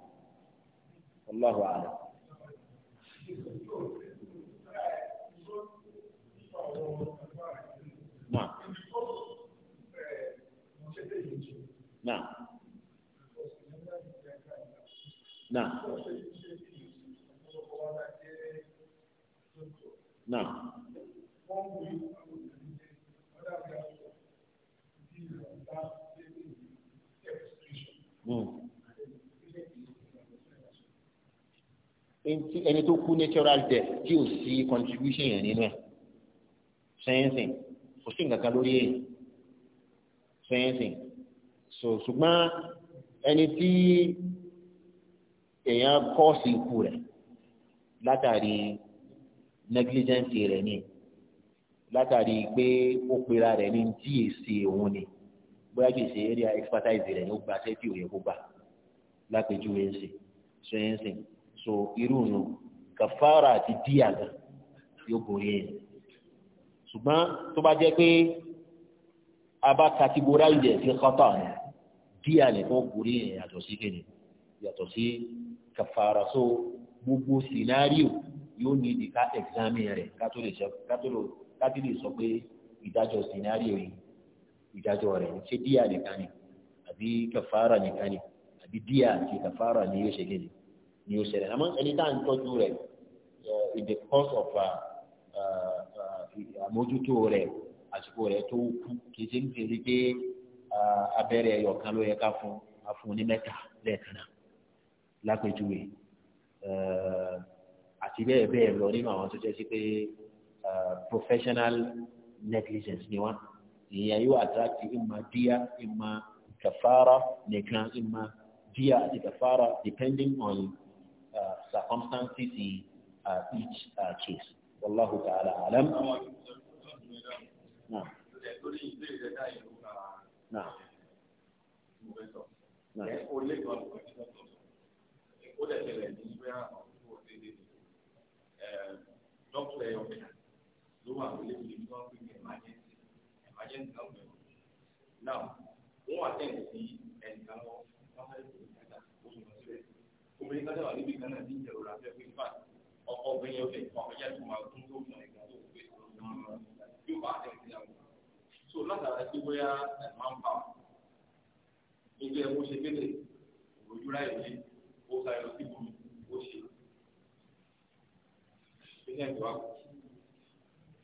Hmm. ntí ẹni tó kú natural death tí ò sí contribution yẹn nínú ẹ sẹ́yìnsìn kò sí nǹkan kan lórí ẹ̀ sẹ́yìnsìn so ṣùgbọ́n ẹni tí èèyàn kọ́ọ̀sì ikú rẹ̀ látàrí negligence rẹ̀ ni látàrí pé ó pera rẹ̀ ní tí òun ni bóyá kì area expertise rẹ̀ ló gba sẹ́tì òye kó gbà lápẹjúwe ń sìn so ń sìn so irú nu kàfàrà àti díà gan yóò borí ẹ̀ ṣùgbọ́n tó bá jẹ́ pé a bá categorize ẹ̀ sí kọ́tà ni díà nìkan borí ẹ̀ yàtọ̀ sí kéde yàtọ̀ sí kàfàrà so gbogbo scenario yóò ní ìdí ká examine rẹ̀ ká tó lè sọ pé ìdájọ́ scenario yìí ìdájọ́ rẹ̀ ṣé díà nìkan ni àbí kàfàrà nìkan ni àbí díà àti kàfàrà ni yóò ṣẹlẹ̀ ni ni yóò ṣẹlẹ̀ àmọ́ ẹni tá à ń tọ́jú rẹ̀ eh, in the course of uh, uh, àmójútó rẹ̀ àsìkò rẹ̀ tó kú kì í ṣe ń tẹ̀lé pé uh, abẹ́rẹ́ ẹ̀yọ̀kan ló yẹ ká fún a ní mẹ́ta lẹ́ẹ̀kan náà lápẹjúwe àti bẹ́ẹ̀ bẹ́ẹ̀ lọ nínú àwọn tó jẹ́ sí pé professional negligence ni wọ́n. yayi wa attract in ma diya in ma kafara in ma diya àti kafara depending on uh, circumstances in uh, each uh, case wallahu ta'ala alam na na na àjẹnìkan wẹ̀ náà wọ́n wà tẹ̀ sí ẹnìkan lọ wọ́n fẹ́ lè kẹta oṣù lọ sílẹ̀ obìnrin kan tẹ̀wà níbi kan náà ní ìjẹ̀rọ la fẹ́ pé fà ọkọ obìnrin yẹn fẹ́ ọkọ yẹn tó máa tún tó fún ẹ̀gbọ́n tó fẹ́ yóò bá tẹ̀ sí àwọn so látara sí bóyá ẹ̀ máa ń bà wá níbi ẹ̀ bó ṣe kéde òjú láì ṣe ó sáré lọ sí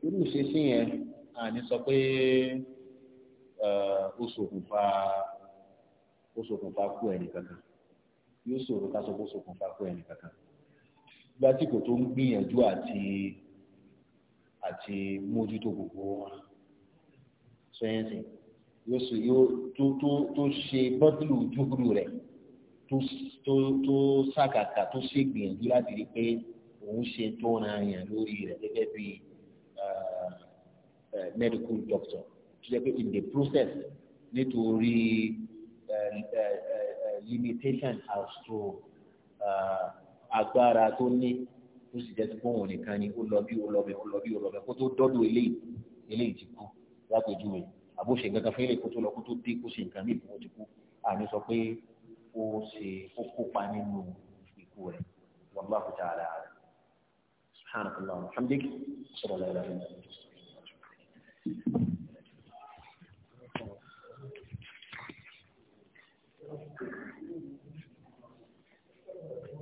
你写信耶？àní sọ pé ó ṣokùnfà ó ṣokùnfà kú ẹnì kankan yóò ṣòro ká sọ pé ó ṣokùnfà kú ẹnì kankan gba tí kò tó ń gbìyànjú àti àti mójútó gbogbo wọn sẹ́yìnsì yóò ṣe yóò tó tó tó ṣe bọ́dúlù júbúrú rẹ̀ tó tó tó sàkàkà tó ṣe gbìyànjú láti rí pé òun ṣe tó ra yàn lórí rẹ̀ gẹ́gẹ́ bíi medical doctor tó jẹ́ pé in the process need to nítorí limitation as to agbára tó ní ó sì jẹ́ pé òun nìkan ni ó lọ bí ó lọ bẹ̀ ó lọ bí ó lọ bẹ̀ kó tó dọ́dọ̀ eléyìí eléyìí ti kú lápèjúwe àbó ṣe nǹkan kan fún eléyìí kó tó lọ kó tó dé kó ṣe nǹkan míì kó ti kú àmì sọ pé ó ṣe ó kópa nínú ikú rẹ̀ wallahu ta'ala a'lam subhanakallah walhamdulillah. Thank you.